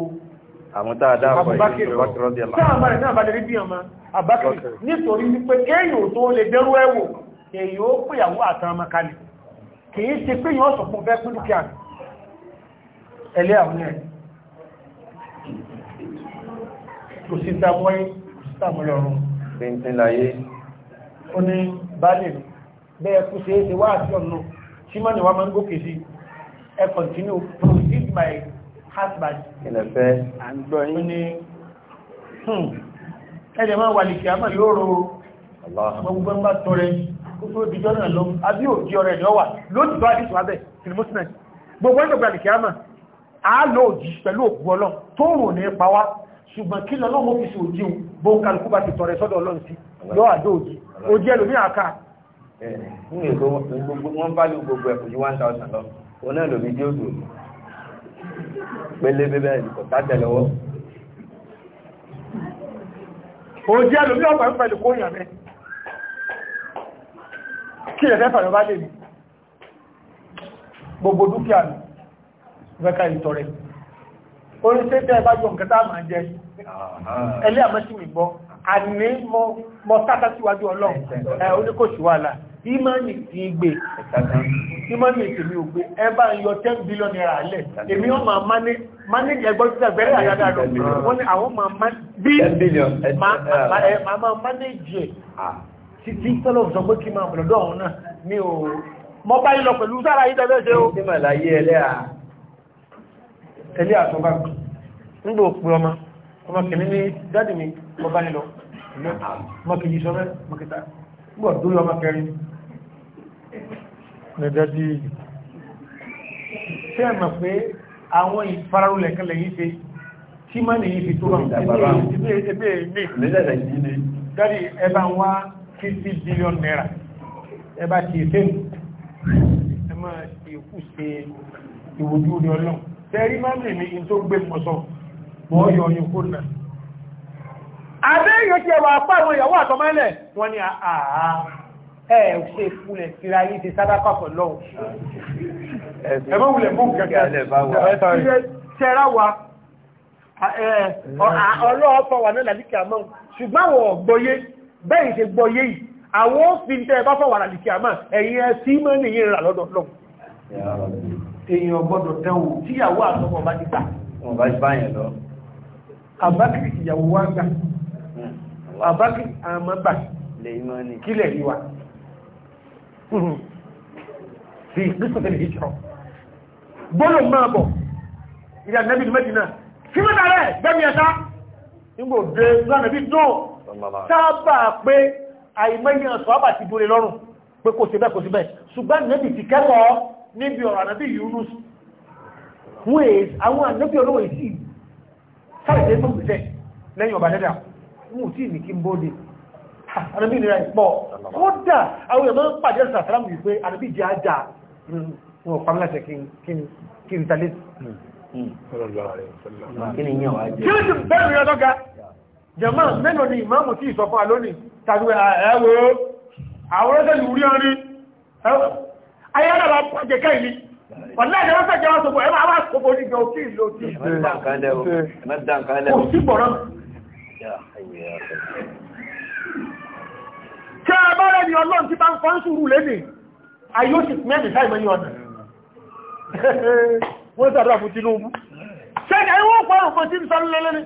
àwọn dáadáa Abubakar àbákìrì nítorí wípé kéèyàn tó lè dẹ́rú ẹ̀wò èyàn ó pèyàwó àtàn ọmọkalẹ̀ kìí ṣe pé yàn fún fẹ́ pínlùkíà ẹlẹ́ àwọn ẹ̀ kò sí dámọ́yí sàmúlọ̀rún pínpín láyé ó my husband ẹ̀rẹ̀ máa wà nìkì àmà yóò ro gbogbo ń bá tọrẹ gbogbo ìdíjọ́ náà lọ àbí òjí ọrẹ ni ó wà lóòtù bá dìtò abẹ tìlímùsùnà gbogbo ẹ̀dọ̀gbà nìkì àmà á lọ òjì pẹ̀lú òkú ọlọ́n tó rùn ní pa wá ṣùgbọ́n kí lọ́nà mọ́ fi sí òjì òun bó ń kálukú bá ti tọrẹ sọ́dọ̀ ọlọ́run sí lọ́ àdó òjì òjì ẹlòmí àká. wọ́n bá lù gbogbo ẹ̀kọ́ ju one thousand lọ òun náà lòmí dé òdò pélébé bẹ́ẹ̀ kọ̀ òjì ẹlòmí ọ̀pọ̀ ń pẹ̀lú kó yàn mẹ́ kí ẹ̀fẹ́ fàyọ bá lè mi gbogbo dúkìá mi rẹ́ka ìtọ̀rẹ̀ orí tẹ́tẹ́ bá jọ nǹkan tá máa jẹ ẹlẹ́ àmọ́sí mi gbọ́ àní mọ sáta síwájú ọlọ́run ẹ oníkòṣù wàhálà ìmánì ti gbé ìmánì tèmi ò gbé ẹ bá ń yọ ten billion naira alẹ̀ èmi wọ́n máa mání mání ẹgbọ́n títà bẹ̀rẹ̀ àyádá lọ wọ́n ní àwọn máa mání bí máa máa mání jẹ títí tọ́lọ̀ sọ pé kí máa bọ̀lọ́dọ̀ ọ̀hún náà ní o mọ́ bá yí lọ pẹ̀lú sára yí tẹ́lẹ̀ ṣe o ẹlẹ́ àtúnbá ń gbò pé ọmọ ọmọ kìíní ní jáde mi mọ́ bá yí lọ mọ́kìlì sọ́rẹ́ mọ́kìta gbọ́ dúró ọmọ kẹrin nìdẹ́dí tí a mọ̀ pé àwọn ìfararúlẹ̀ kan lẹ́yìn ṣe tí má nìyí fi tó rọ̀ ẹgbẹ́ ní dárí ẹbá wá 50 billion naira ẹbá ti ṣe ẹ máa ti kú ṣe ìwòjú orí ọlọ́ tẹ́rí má nìyí tó gbé mọ́sọ̀ mọ́ yọ ọyún kó náà àbẹ́yìn ti ẹwà apá àwọn ìyàwó àtọmọ́lẹ̀ wọ́n ni àà ẹ̀ ṣe fúnlẹ̀ síra yìí ti sábà pàpọ̀ lọ́wọ́ ẹ̀mọ́ wulẹ̀ fún kẹ́kẹ́ tẹ́ra wa ọlọ́ọ̀pọ̀ wà náà lálìkì àmọ́ ṣùgbọ́n àwọn ọ̀gbọ́yé bẹ́yìn ṣe gbọ́yé yìí àwọn òfin tẹ́ bá fọ̀wà lálìkì àmọ́ ẹ̀yìn ẹ̀sí mọ́ nìyí rà lọ́dọ̀ lọ́wọ́ èèyàn gbọ́dọ̀ tẹ́wò tíyàwó àtọ́kọ̀ bá ti gbà àbákí àmọ́bà kílẹ̀ ríwà sí ìpínlẹ̀ ìjọ gbọ́nà máa bọ̀ ìrìn ànẹ́bì mẹ́dínà sí mẹ́ta rẹ̀ gbẹ́mí ẹ̀ta nígbò dé lánàbí tó sábà pé àìmẹ́yìn ọ̀sọ̀ àbà ti dúró lọ́rùn pé kò síbẹ̀ kò síbẹ̀ ṣùgbọ́n ànẹ́bì ti kẹ́kọ̀ọ́ níbi ọ̀rọ̀ ànẹ́bì Yunus wọ́n àwọn ànẹ́bì ọlọ́wọ̀ ìsì sáà ìdẹ́ tó gbẹ̀ẹ́ lẹ́yìn ọ̀bà dẹ́dà mú tí ní kí n bóde àrẹ́bí ìnira ìpọ̀ kódà àwọn èèyàn máa ń pàdé ẹ̀sà sàrámù wípé àrẹ́bí jẹ́ àjà hmm, wọn pa mí láti kí n talé hmm, hmm. kí ni yàn wá jẹ́ kí ni ti bẹ́ẹ̀ rẹ̀ lọ́gá jẹ̀mọ́ mẹ́nu ni ìmáàmù tí ìsọ̀fún àlónì tàbí ah, ẹ̀wọ̀ àwọn ẹ̀sẹ̀ lórí ọrin ayára pàjẹ́kẹ́ ìlú Ọ̀lẹ́dẹ̀ wọ́n fẹ́ jẹ́ wọ́n sọ pé ẹ máa wá kòkòrò ìjọ òkè ìlú òkè ìlú. Ẹ máa dá nǹkan lẹ́wọ̀. Kò sí bọ̀rọ̀. Tí a bá rẹ̀ ni ọlọ́run ti bá ń kọ́ ń ṣúrù lẹ́nì, ayó sì mẹ́rin sáì mẹ́rin ọ̀nà. Wọ́n sàdọ́ àfún Tinubu. Ṣé ni ẹwọ́ pọ̀rùn kan tí ń sọ́rọ̀ lẹ́lẹ́ni?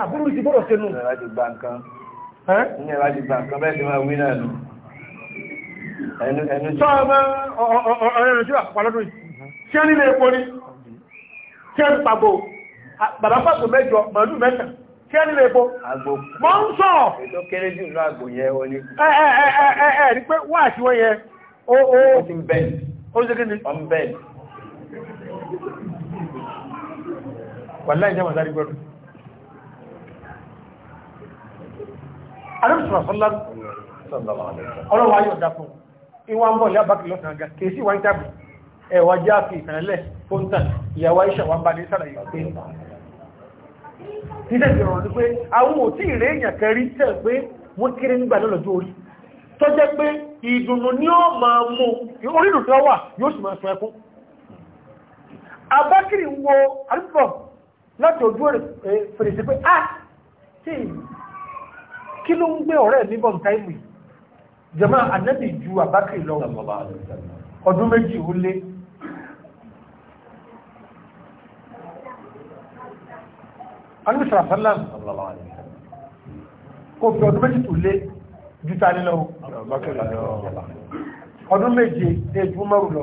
Àbúrú ti bọ́rọ̀ sínú. Ní ẹ̀rá ti gbà nǹkan. Ní ẹ̀rá ti gbà nǹkan bẹ́ẹ̀ ti máa wí náà nù. Ẹnu jù. Sọ ọmọ ọ̀rẹ́ ni? Ṣé ń pàgbò? Bàbá pàgbò mẹ́jọ, màálù mẹ́ta kí ẹni lè bo. Àgbò. Mọ ń sọ. Ètò kéré jù lọ àgbò yẹn o ní. Ẹ ẹ ẹ ẹ ẹ ẹ rí pé wá àti wọ́n yẹ. O o. O ti ń bẹ̀. O ṣe kí ni. Ọ̀ ń bẹ̀. Wàlá ìjẹ́ wọn sáré gbọ́dọ̀. Àdébùsùn àfọlá. Ọlọ́wọ́ ayé ọ̀dà fún. Ìwà ń bọ̀ lé àbákì lọ́sàn-án ga. Kèsì wá ń tàbí. Ẹ̀wà jẹ́ àfi ìtànlẹ̀ fóńtàn. Ìyàwó Aisha wa ń bá ní sàlàyé iṣẹ́ ìrọ̀rùn ni pé àwọn òtí ìrẹ́ èèyàn kẹrí tẹ́ pé wọ́n kéré nígbà lọ́lọ́jọ́ orí tó jẹ́ pé ìdùnnú ni ó máa mú orírù tó wà yóò sì máa sọ ẹkún abákìrì wo alúpọ̀ láti ojú fèrèsé pé a ah, tí kí ló ń gbé ọ̀rẹ́ mi bọ̀m táìmì jẹ́mọ́ ànẹ́bì ju abákìrì lọ ọdún méjì ó lé alúṣà sálàm kò fi ọdún méjì tó lé júta nílọ ọdún méje ejú mọ́rù lọ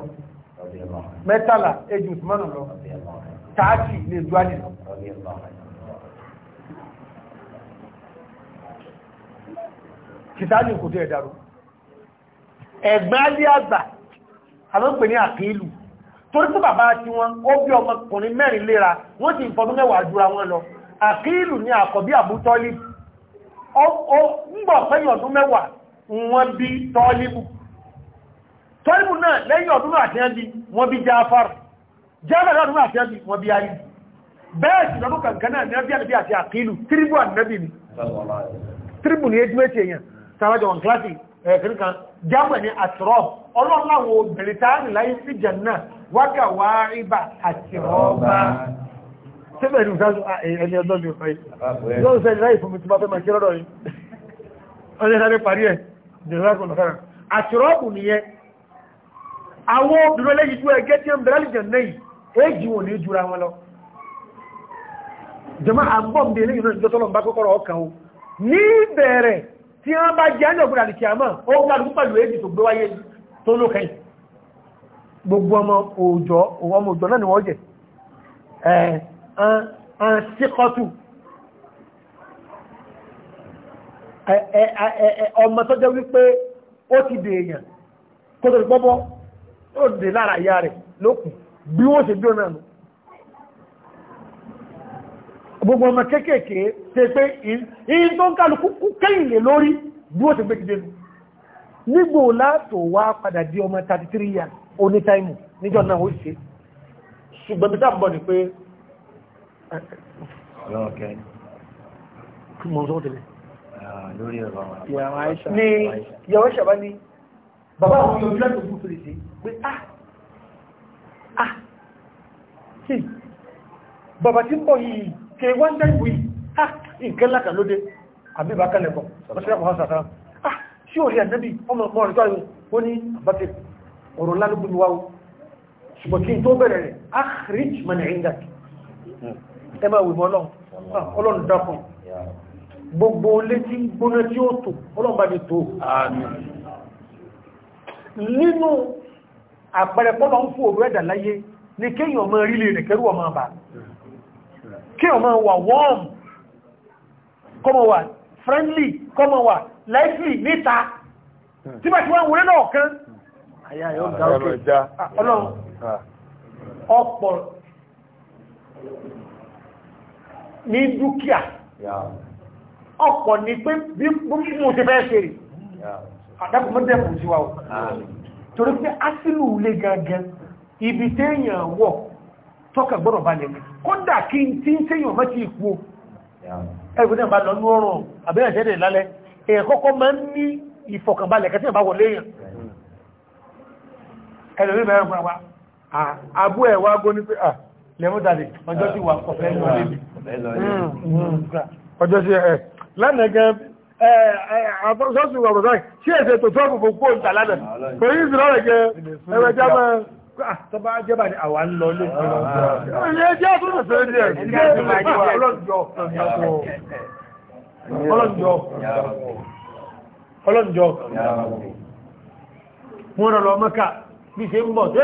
mẹ́tàlá ejú mọ́rù lọ tààtì lè ju àlè lọ kìtàlì kò tó ẹ̀dàrú ẹ̀gbẹ́ alẹ́ àgbà àwọn pè ní àkílù torí tó bàbá tí wọ́n ó bí ọmọkùnrin mẹ́rin léra wọ́n ti fọdún mẹ́wàá jura wọn lọ àkílù ní àkọ́bí àbútọ́líbù ó ńgbọ̀ pẹ́yìn ọdún mẹ́wàá wọ́n bí tọ́líbù tọ́líbù náà lẹ́yìn ọdún àti ẹbí wọ́n bí jáfar jáfar lọ́dún àti ẹbí wọ́n bí ayé bẹ́ẹ̀ sì lọ́dún kankan náà ní ẹbí àti àti àkílù tíríbù ànẹ́bì ni tíríbù ní ẹjú méjì èèyàn sáwájọ wọn kíláàsì ẹ̀kìrí tẹ́bẹ̀ ní ìdájú ah, eh, ẹni ọdọ́ ni ọ̀fẹ́ yóò sẹ́ ìráyì fún mi tí bá fẹ́ máa kí lọ́dọ̀ yìí ọdẹ́ sáré parí ẹ̀ dẹ̀rẹ́kùn lọ́kàrà àtìrọ́kù nìyẹn àwọn obìnrin lẹ́yìn tó ẹgẹ́ tí ó ń bẹ̀rẹ̀ lìjẹ̀ lẹ́yìn èjì wọn ní jura wọn lọ jọmọ́ àbọ̀m dé lẹ́yìn náà jọ́tọ́lọ́ bá kọ́kọ́rọ́ ọkàn o ní bẹ̀rẹ̀ tí wọ́n bá jẹ́ ẹ̀nà ògbìnà àdìkì àmọ́ ó gbà lù pẹ̀lú èjì tó gbé wáyé tó lókè gbogbo ọmọ òòjọ́ ọmọ òòjọ́ náà ni wọ́n jẹ́ àṣíkọ́tù ọmọ tó jẹ́ wípé ó ti dè èèyàn kó tó pọ́pọ́ ó dè lára ìyá rẹ̀ lókùn bí wọ́n ṣe bí ó náà nù gbogbo ọmọ kéékèèké ṣe pé ìyí tó ń kálukú kẹ́yìn lè lórí bí ó ṣe gbé jìdé nù nígbò látò wá padà di ọmọ 33 years oní táìmù níjọ́ náà ó ṣe ṣùgbọ́n bí táàbọ̀ ni pé lọ́ọ̀kẹ́ kí mo sọ́ọ́ tẹ̀lé ah, lórí ọ̀rọ̀ ìyàwó Aisha ni ìyàwó ṣàbá ni bàbá ah ah sí bàbá tí ń bọ̀ yìí kẹ wọ́n dá ìwé ah nǹkan lákà lóde àbí bá kalẹ̀ bọ̀ lọ́sọ̀rọ̀ àwọn ọ̀sán sára ah sí òrí ànábì ọmọ ọmọ ọ̀rẹ́ tó ayọ̀ ó ní àbátẹ ọ̀rọ̀ lálùgbùn wa o ṣùgbọ́n kí n tó bẹ̀rẹ̀ ẹ máa wèmọ́ ọlọ́run ọlọ́run ah, dákùn gbogbo létí gbóná tí ó tò ọlọ́run bá ní tó nínú àpẹẹrẹ pọ́lọ ń fún òru ẹ̀dà láyé ní kéèyàn máa rí lè rẹ̀ kẹrù ọmọ bà kéèyàn máa wà warm kọmọ wà friendly kọmọ wà lively níta tí bá ti wá wọlé náà kan àyà yóò ah, ọlọ́run ah. ọ̀pọ̀ ní dúkìá ọ̀pọ̀ ní pé bí mo ti fẹ́ ṣe rí àdápọ̀mọ́dẹ̀kùn sí wa o torí pé asínú ilé gangan ibi téèyàn wọ̀ tọ́kà gbọ́dọ̀ balẹ̀ kódà kí n tí ń téèyàn mọ́ ti ìpò ẹgbẹ́ náà bá lọ ní ọrùn àbẹ́yànjẹ́dẹ̀ lálẹ́ èèyàn kọ́kọ́ máa ń ní ìfọ̀kànbalẹ̀ kẹtí ìbá wọlé èèyàn ẹlòmí mẹ́rin fún wa àbú lẹ́mọ́dàdì ọjọ́ sí wà ọ̀fẹ́ lọ́lẹ́bì ọjọ́ sí ẹ̀ lánàgẹ́ àfọ́sọ́sù ọ̀rọ̀sáì sí ẹ̀sẹ̀ tó tọ́pù gbogbo ìtàládà kò yí sí lọ́rẹ̀ jẹ́ ẹwẹ́ jábẹ́ tọba jẹba ni àwa ń lọ lé ọlọ́jọ́ ẹjẹ́ tó tó tó díẹ̀ ọlọ́jọ́ ọlọ́jọ́ wọ́n rọ̀ lọ mọ́ká bí ṣe ń bọ̀ tẹ́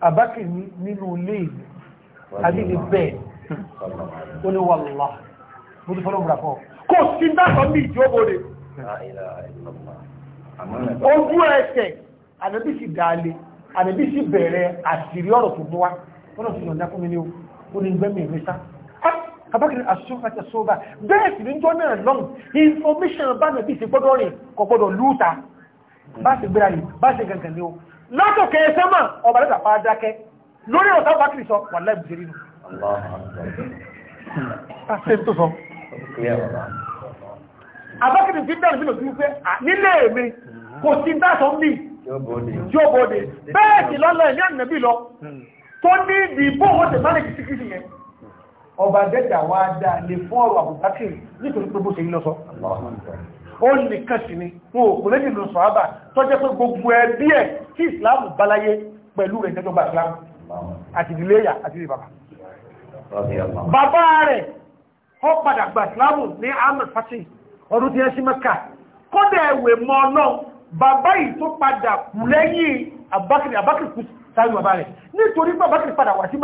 àbákìrí nínú ilé ìlú àdílé bẹ́ẹ̀ ó ní wàlúwà mo ti fọ́lọ́ mùràfọ́ kò sí dákọ̀ ní ìjọba rẹ̀ ojú ẹsẹ̀ àdẹ́bí sì dáalé àdẹ́bí sì bẹ̀rẹ̀ àṣírí ọ̀rọ̀ tó bọ́ wá wọ́n sì yọ̀ǹda fún mi ní o ní gbẹ́mí ìwé sá àbákìrí àṣọ́fà ti sọ́ba bẹ́ẹ̀ sì ní jọ́ náà lọ́n information bá nàbí ṣe gbọ́dọ̀ rìn kò gbọ́dọ̀ lúta bá ṣe gbéra yìí bá ṣe gangan ní o látòkè sẹ́mà ọba lẹ́tà pa dákẹ́ lórí ọ̀tá bákìrì sọ wà láì bùsẹ̀ nínú. ṣe tó sọ. abákìrì fi dáhùn sílò sí pé nílé mi kò sí dáṣọ mí tí ó bóde bẹ́ẹ̀ sì lọ́lọ́ ilé ànàbí lọ hmm. tó ní ìdìbò wọn tẹ̀ máa kìsìkìsì yẹn ọba dẹ́jà wá dáa lè fún ọ̀rọ̀ àbùbákìrì nítorí pé bó ṣe ń lọ sọ ó nìkan sí ni wọn ò kò lẹ́jì lọ sọ̀hábà tó jẹ́ pé gbogbo ẹbí ẹ̀ tí ìsìláàmù báláyé pẹ̀lú rẹ̀ jẹ́jọba ìsìláàmù àti ìdílé ẹ̀yà àti ìdílé bàbá bàbá rẹ̀ ó padà gbà ìsìláàmù ní ahmed fati ọdún tí ẹ sí mẹ́kà kódà ẹ̀wẹ̀ mọ́ náà bàbá yìí tó padà kù lẹ́yìn àbákìrì àbákìrì kù sáré bàbá rẹ̀ nítorí àbákìrì padà wà sí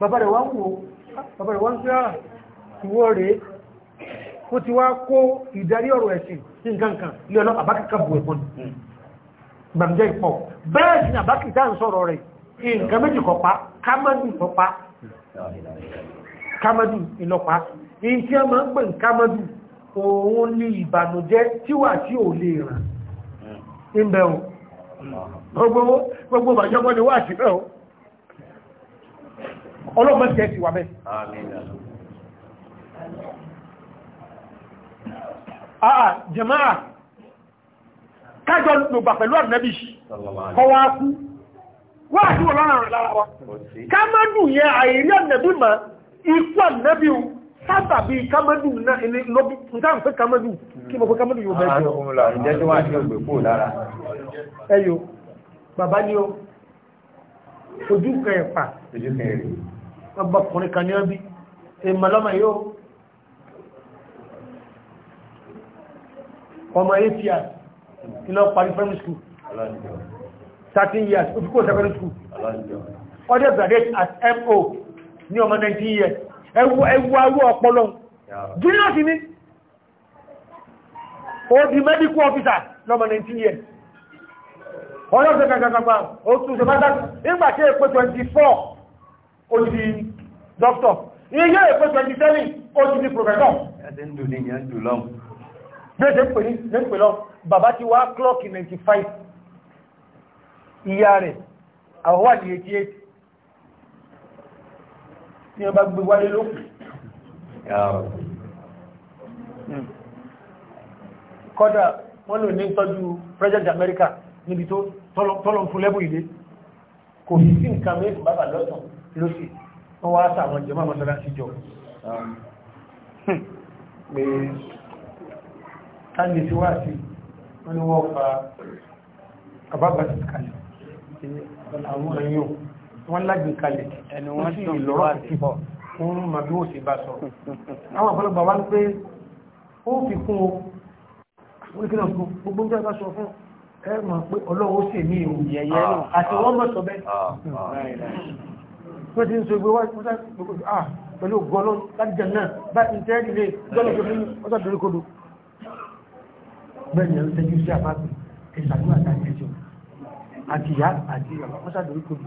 bàbá rẹ̀ wá ń wo bàbá rẹ̀ wá ń gbá ah, ìwọ rẹ̀ ó ti wá kó ìdarí ọ̀rọ̀ ẹ̀sìn ní nǹkankan lé ọlọ́ àbákíkà bù ẹ̀kọ́ gbàmjẹ́ hmm. ìpọ̀ bẹ́ẹ̀ sí àbákíkà ń sọ̀rọ̀ rẹ̀ nǹkan méjì kọpa kámẹ́dù lọ́pa kámẹ́dù ìlọ́pa èyí tí a máa ń pè ní kámẹ́dù òun ní ìbànújẹ́ tíwà tí ò lè ràn hmm. ń bẹ̀rù hmm. gbogbo bàjọ́gbọ́n ni wà sí bẹ̀rù ọlọ́gbọ́n ti ẹ̀ sì wà bẹ́ẹ̀. àà jẹ̀máà kájọ lògbà pẹ̀lú àdínẹ́bí kọwa kú wà tí wọ́n lọ́rọ̀ lára wa ká má dùn yẹ àìrí àdínẹ́bí ma ikú àdínẹ́bí o sábà bí kámẹ́dù náà ilé lọ́bí nǹkan fẹ́ kámẹ́dù kí mọ̀ pé kámẹ́dù yóò bẹ́ẹ̀ jọ ǹjẹ́ tí wọ́n á jẹ́ ògbè kúrò lára ẹyọ bàbá ni ó ojú kan ẹ̀pà ojú kan ẹ̀rí ọba ọkùnrin kan ní ọbí èèmọ̀ lọ́mọ yóò ọmọ eight years iná parí primary school 13 years ó fi kó secondary school ọdẹ graduate as mo ní ọmọ 19 years ẹwọ ẹwọ awọ ọpọlọ junior sí ni o di medical officer lọ́mọ 19 years ọlọ́sẹ̀ kankan kankan ó tún ṣe bá dá nígbà tí èpo 24 ó ti dókítọ̀ iye ìpé 27 ó ti di professor gbẹ́sẹ̀ pẹ̀lọ́ bàbá ti wá klọ́ọ̀kì 95 ìyá rẹ̀ àwọn wà ní 88 tí wọ́n bá gbé wálé ló kọ́dà wọ́n lò ní tọ́jú president America níbi tó tọ́lọ̀ fún lẹ́bù ìdé kò sí nǹkan mẹ́rin bàbá lọ́tọ̀ọ́ lóṣì wọ́n wá sàwọn jẹmọ́ mọ́sálásí jọ um, hmm. pé káàkiri tí wá sí wọ́n ni wọ́n fa àbábà ti kalẹ̀ àwọn ẹ̀yọ́ wọ́n lágbè kalẹ̀ ẹni wọ́n sì lọ́rọ̀ sí fún màbí ó sì bá sọ àwọn ọ̀pọ̀lọpọ̀ wá ń pé ó fi kún o oríkìlá gbogbo ń bá sọ fún ọlọ́wọ́ sì ní ìhùn àti wọ́n mọ̀ sọ bẹ́ẹ̀ ah, ah, ah tó ti ń so ìgbé wáyé mọ́sá ah, pẹ̀lú gọ́lọ́ láti jẹ náà bá ìtẹ́rì lè gọ́lọ́ tó fún ọjọ́ torí kodo bẹ́ẹ̀ ni ẹ̀rù tẹ́jú sí àbábì ìṣàlú àtàrí ẹjọ́ àti ìyá àti mọ́sá torí kodo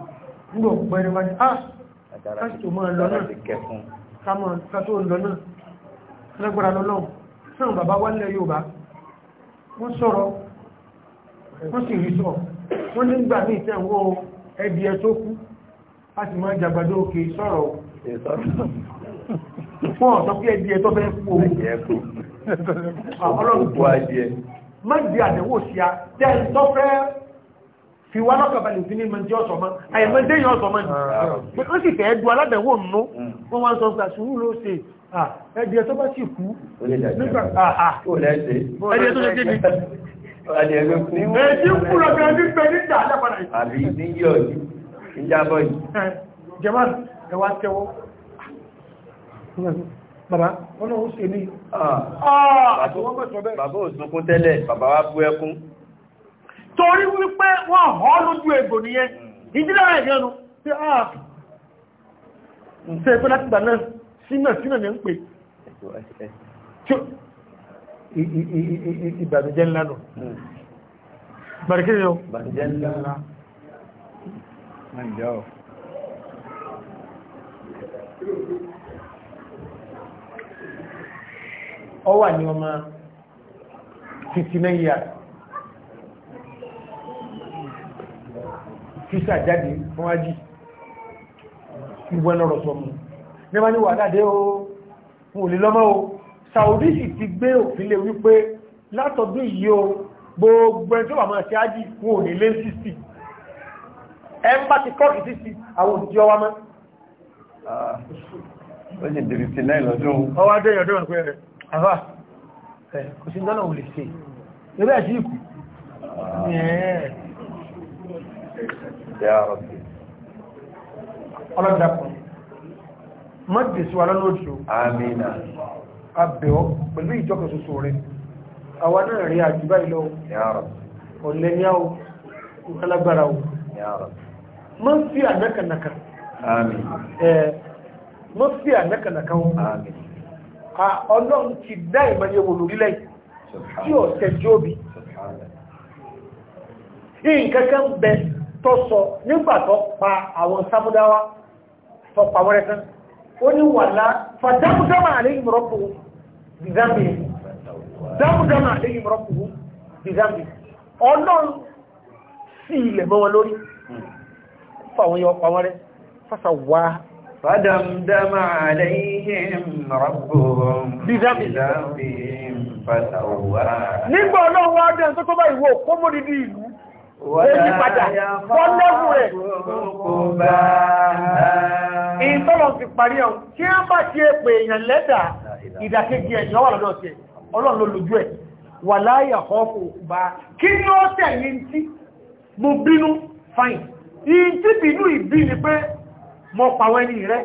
nígbà pẹ̀rẹ̀ wáyé ah káṣítò máa lọ náà kámọ̀ kátó lọ náà lẹ́gbẹ̀rẹ̀ lọ náà sáà bàbá wálẹ̀ Yorùbá wọ́n sọ̀rọ̀ wọ́n sì rí sọ wọ́n nígbà míì tẹ́ wọ́n ẹbí ẹ tó a sì máa jàgbàdo òkè sọ̀rọ̀ fún ọ̀tọ́ kí ẹdí ẹtọ́ fẹ́ kú owó ọlọ́run má di àdẹ̀wò sí a tẹ́ ń tọ́ fẹ́ fi wá lọ́kàbalẹ̀ sí ní mẹ́jẹ́ ọ̀sọ̀ mọ́ àìmẹ́jẹ́ yìí ọ̀sọ̀ mọ́ ni ó sì fẹ́ du aládẹ̀wò nù hmm. wọ́n wá ń sọ pé àṣùrù ló ṣe ẹdí ẹtọ́ bá sì kú nígbà ẹdí ẹtọ́ ṣe kéde ẹdí kú lọ́kàn ní pẹ́ nígbà alápàdà yìí ń jábọ̀ yìí jẹmọ́ ẹwà tẹwọ́ bàbá wọ́n ó ṣe ní bàbá òsùnkún tẹ́lẹ̀ bàbá wá bú ẹkún torí wípé wọ́n họ́ lójú egbò nìyẹn ìdílé rẹ̀ gẹ́nu tí a ṣe pé láti gbà náà sínà sínà ní ń pè ìbànújẹ́ ńlá nù bàrẹ̀kẹ́ Ǹjẹ́ o. Ọ wà ní ọmọ 59 years. Fíṣà jáde fún ájì. Ìwọ̀n ọ̀rọ̀ sọmọ. Nígbà ní wà dáadé o, fún òlè lọ́mọ́ o. Saudi sì ti gbé òfin lè wípé látọ̀dún yìí o, gbogbo ẹni tó wà máa ṣe ájì fún òní lé 60 ẹ ń bá ti kọ́ọ̀kì sí sí àwọn òjò ọwá mọ́. ó sì dèrè sí náà lọ́dún. ọwọ́ adé ìyọ̀dọ́ wọn pé rẹ̀ àfà kò sí dánà ò lè ṣe ewé ah. ẹ̀sí ìkù. ọlọ́dà kan má dèsí wa lọ́nà òjò. amina. abẹ́ọ́ pẹ̀lú ìjọkọ̀ soso rẹ̀ àwa náà rí àjúbá ìlọ ọ̀lẹ́ni àwọ̀ ìkálágbára àwọ̀ mun fi a naka naka àmín fi a naka o àmín a ọlọ́run ti dá ìmọ̀ye wò lórílẹ̀ tí ó tẹjọ́ bi nǹkan kan bẹ tó sọ nígbà tó pa àwọn sámúdáwá tó pa wọ́rẹ́ tán ó ní wàlá fàdámúdámà àléyìn rọ́pù bìzámbì dámúdámà àléyìn rọ́pù bìzámbì ọlọ́run sí ilẹ̀ mọ́ wọn lórí hmm fà wọ́n yọ pa wọ́n rẹ́ fásà wá fàdàmdàmà àlẹ́yìn rọ̀bùn ìdáfihìn fásà wá nígbà ọlọ́wọ́ adẹ́ tó tó bá ìwò kó mọ́ dídí ìlú Èyí padà, wọ́n lẹ́wù rẹ̀. Ìtọ́lọ̀ ti parí ọ̀hún, kí á bá ti èpè èèyàn lẹ́dà ìdàkejì ẹ̀yàn wà lọ́dọ̀ tẹ̀, ọlọ́run ló lójú ẹ̀, ó tẹ̀yìn tí mo bínú fáìn? ìtìbìnú ìbí ni pé mọ pàwọn ẹni rẹ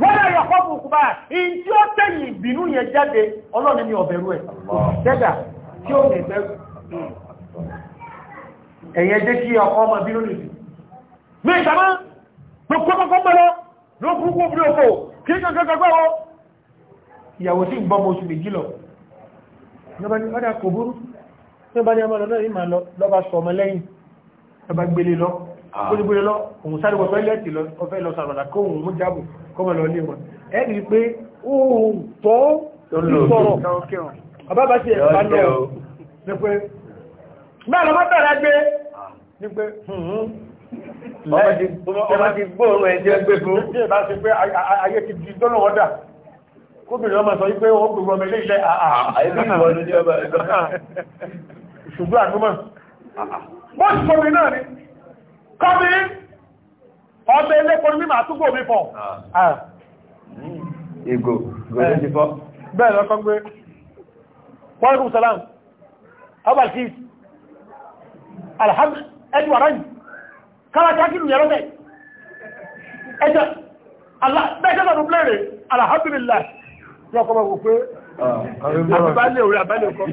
wọ́n yọ kọ́ bùkú in tí ó tẹ̀yìn ìbínú yẹn jáde ọlọ́ni ni ọ̀bẹ̀rú ẹ̀ dẹ́gà tí ó lè bẹ̀rù ẹ̀yẹ jẹ́ kí ọkọ ọmọ bínú nìdí ní ìtàmá gbogbo ọkọ̀ ló kúrúkú bí òkò kí kankankankan ọ ìyàwó sí ìgbọ́mọ oṣù Ah. gbórígbórí lọ òun sáré wọ́n fẹ́ lẹ́tì lọ ọfẹ́ lọ sàrọ̀lá kó òun mú jábù kọmọ lọ ní wọn ẹ̀rì pé òun tọ́ ìfọ̀rọ̀ ọba bá ti ẹ̀fà lọ ní pé náà lọ mọ́tàrà gbé ní gbé fún bá ti pé ayé ti di dọ́nà ọ̀dà kóbìnrin ọmọ sọ wípé wọ́n gbogbo kọ́bí ọbẹ̀ elékòrí mímọ̀ àtúgbò mi fọ́ ah. ah. ìgò gòrò ti fọ́ bẹ́ẹ̀ lọ́kọ́ gbé wọ́n salam ọbàlì alhamdu ẹjù ara yìí kára jákìrù yẹ lọ́tẹ̀ ẹjọ́ bẹ́ẹ̀kẹ́ta tó blẹ́rẹ̀ alhamdulillah lọ́kọ́ ah, mọ̀ pé àbálẹ̀ orí àbálẹ̀ ọkọ̀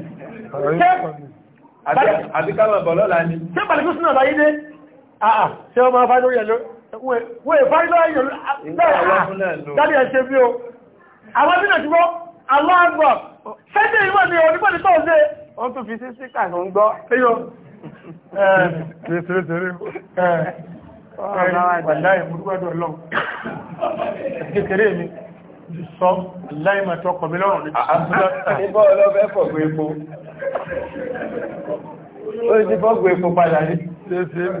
àà ah, ah, ah, ṣe ọmọ afárí lórí ẹ̀lọ́ wọ́n èfárí lórí ẹ̀lọ́ dáadé ẹ̀ṣẹ́ bí o àwọn bí náà ṣùgbọ́n aláàgbọ̀ ṣẹ́jẹ́ ìwọ̀n ni onígbọ̀dì tó ṣe ó tún fi sí síkà ń gbọ́ ẹ̀yọ́ Sọ láìmọ̀ tọkọ̀ mi lọ́rùn ní. Ibọ́ ọlọ́fẹ́ fọ̀ gbé epo. Ó ti fọ́ gbé epo padà ní. Ṣé ṣe mú.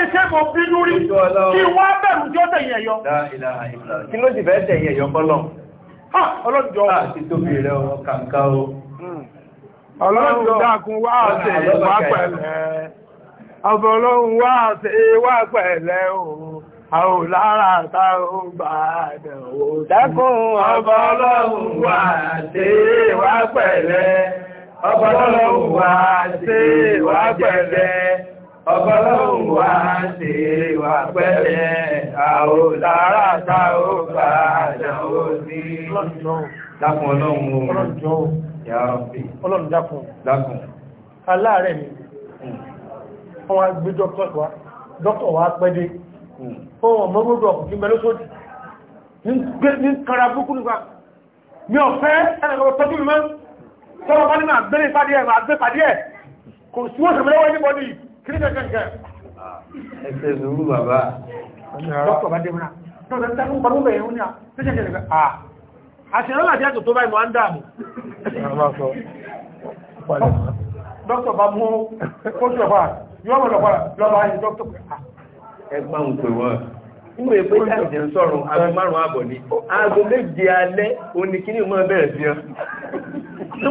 ní ṣe mọ̀ bínú rí kí wọ́n bẹ̀rù jọ́ tẹ̀yìn ẹ̀yọ. kí ló sì fẹ́ tẹ̀yìn ẹ̀yọ kọ́lọ̀ ọlọ́jọ́ àti ah, tóbi rẹ̀ ọ kàǹkà o. Hmm. ọlọ́jọ́ dákun wá àṣẹ wá pẹ̀lẹ́ ọbọ̀ ọlọ́run wá àṣẹ wá pẹ̀lẹ́ o àwọn lára ta ó gbà àdẹ̀wò dákun ọbọ̀ ọlọ́run wá àṣẹ wá pẹ̀lẹ́ ọbọ̀ ọlọ́run wá àṣẹ wá pẹ̀lẹ́ ọgbọ́lọ́hùn wá ṣe wà pẹ́lẹ̀ àwò lára ta ó bá àjàwó sí dákun ọlọ́run ọlọ́run dákun dákun aláàrẹ̀ mi hmm. wọ́n wá gbé dọ́kọ̀ wá pẹ́dé fún hmm. ọmọ gbogbo ọkùnkí mẹ́lú sójì ní kàrà búkú nípa mi ọ̀fẹ́ ẹnìyàn tọ́jú mi mọ́ tọ́rọ bá nínú àgbẹ́lẹ̀ pàdé ẹ̀ kò síwọ́sẹ̀ mẹ́lẹ́wọ́ ní bọ́dí kiri kankan. ẹsẹ̀ sùúrù bàbá. dọ́kítọ̀ bá dé múra tọ́lá tẹ́lú pàmú bẹ̀rẹ̀ ó ní àtẹ́jẹ̀kẹ̀lẹ̀ àà àṣìrán láti àtò tó báyìí mọ̀ ń dáàmù dọ́kítọ̀ bá mú kóṣù ọ̀pá yọ́ mọ̀ lọ́pàá lọ́bàá yìí dọ́kítọ̀ ẹgbà ń pè wọ́n inú èpé láìjẹ̀ ń sọ̀rọ̀ aago márùn-ún àbọ̀ ni aago méje alẹ́ oníkíní mọ́ bẹ̀rẹ̀ sí ọ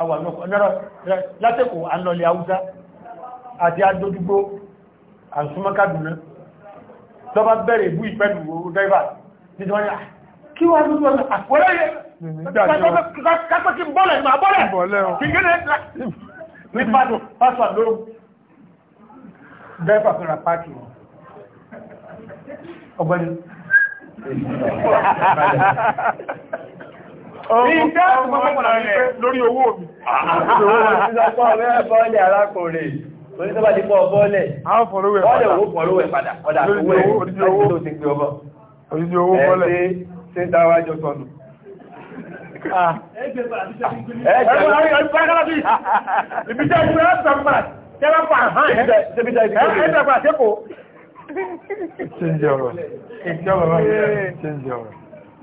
àwọn látẹ́kù àlọlẹ̀ àwúdá àti àdójúgbó àṣúmọ́kàdùnà tó bá bẹ̀rẹ̀ ìbú ìpẹ́lú dẹ́gbà nítorí wọ́n ni ah, kí wá lójú ọ̀nà àpọ̀lẹ́yẹ kápẹ́kí bọ́lẹ̀ ìmọ̀ àbọ́lẹ̀ kí gẹ́rẹ́ ní pàdù pásọ̀ lóòrùn dẹ́gbà fẹ́ra pàkì ọgbẹ́ni lórí owó mi. Bọ́ọ̀lẹ̀ arákùnrin, orí tó bá ti pọ̀ bọ́ọ̀lẹ̀, bọ́ọ̀lẹ̀ owó pọ̀ lówẹ̀ padà, ọ̀dà owó ẹ̀ láti tó ti pé ọmọ. Oríṣi owó bọ́ọ̀lẹ̀. Ẹ ṣe ń dáwà jọ sọnù. Ẹgbẹ̀rẹ̀ àti ṣe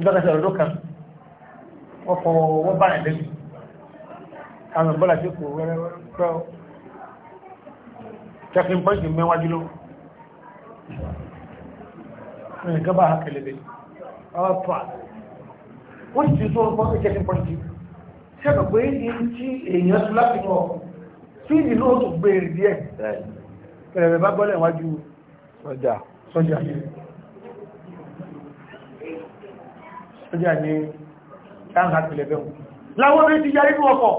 ìgbàkàṣẹ ọ̀dọ́ kan wọ́n kọ wọ́n bá rẹ̀ lẹ́yìn àwọn ìbọ́là tí kò wẹ́rẹ́wẹ́rẹ́ checking point mẹ́wájú ló ní gaba hakalebe ọwọ́ pàá wọ́n ti sọ ọgbọ́n pé checking point sẹ́gbà pé ní tí èèyàn tó láti mọ̀ tí ìlú ó tó gbé rí díẹ̀ ẹ̀rẹ̀ bá gbọ́lẹ̀ sọ́jà sọ́jà sójà ní táǹkà pìlẹ̀ bẹ́ẹ̀ láwọn bí ti yarí fún ọkọ̀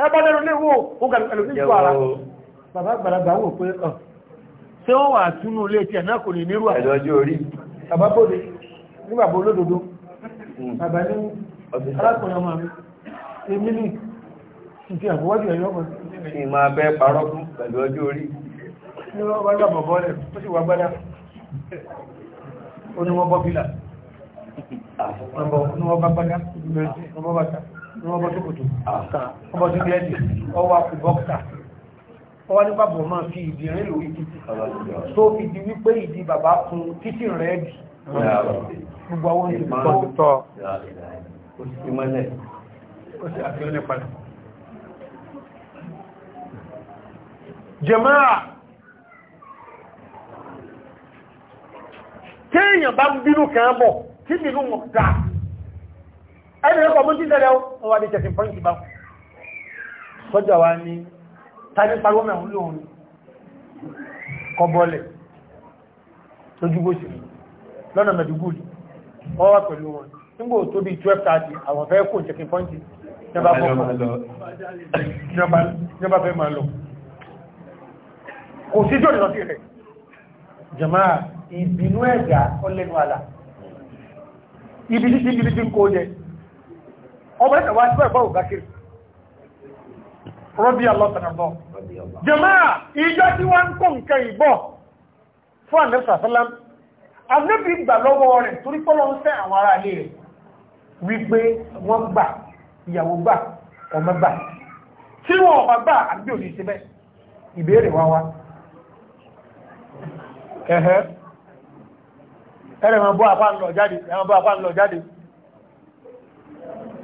ẹ bá lẹ́nu léwò ó gàlù pẹ̀lú fífú ara bàbá àgbàlagbà wò pé ọ̀ ṣé wọ́n wà túnú ilé tiẹ̀ náà kò ní nírú àwọn ẹ̀lọ́jọ́ orí bàbá bòde nígbà bó lódodo hmm. bàbá ní alákùnrin ọmọ mi èmi ní ìfi àbúwájú ẹ̀yọ́ ọmọ ìmọ̀ abẹ́ parọ́ fún pẹ̀lú ọjọ́ orí ní wọ́n wá gbàbọ̀ bọ́ọ̀lẹ̀ ó sì wà gbádá ó ní ọba bá gbádá ọba bàtà ọba tó kòtò ọba tó gẹ́ẹ̀dì ọwà kò bọ́kà ọwá ní bàbá ọmọ fi ìdí rẹ̀ lórí títì tó fi di wípé ìdí bàbá kun títì rẹ̀ dì gbogbo àwọn ìdìbò ìmọ̀lẹ̀ ó sì àfihàn nípa jẹmáà kéèyàn bá ń bínú kan bọ̀ tí nínú mọ̀tà ẹni ẹ̀kọ́ mú sí tẹ́lẹ̀ wọ́n wá dé tẹ̀sí pọ́ǹtì bá sọ́jà wa ní tàbí pariwo mẹ́rin lóhun kọbọ́lẹ̀ lójúgbòsì lọ́nà mẹ́dùgúlì wọ́n wá pẹ̀lú wọn nígbò tó bí 12:30 àwọn fẹ́ kò checking point nígbà fẹ́ máa lọ kò sí jọ́ ìlọ́sí rẹ̀ jẹ́máà ìbínú ẹ̀dà ọlẹ́nu àlà ibi títí ibi títí ń kó jẹ ọmọ ẹ̀kà wá sí ẹ̀kọ́ ògákiri rọ́bí alọ́tànàbọ̀ jẹmáà ìjọ tí wọ́n ń kó fún àmẹ́sàsálám agbébí gbà lọ́wọ́ rẹ̀ torí pọ́lọ́ ń fẹ́ àwọn ará ilé rẹ̀ wípé gbà ìyàwó gbà ọmọ gbà tí ọba gbà àbí òní ìbéèrè wá wá ẹ̀rẹ̀ ma bọ́ àpá ńlọ jáde ẹ̀rẹ̀ bọ́ àpá ńlọ jáde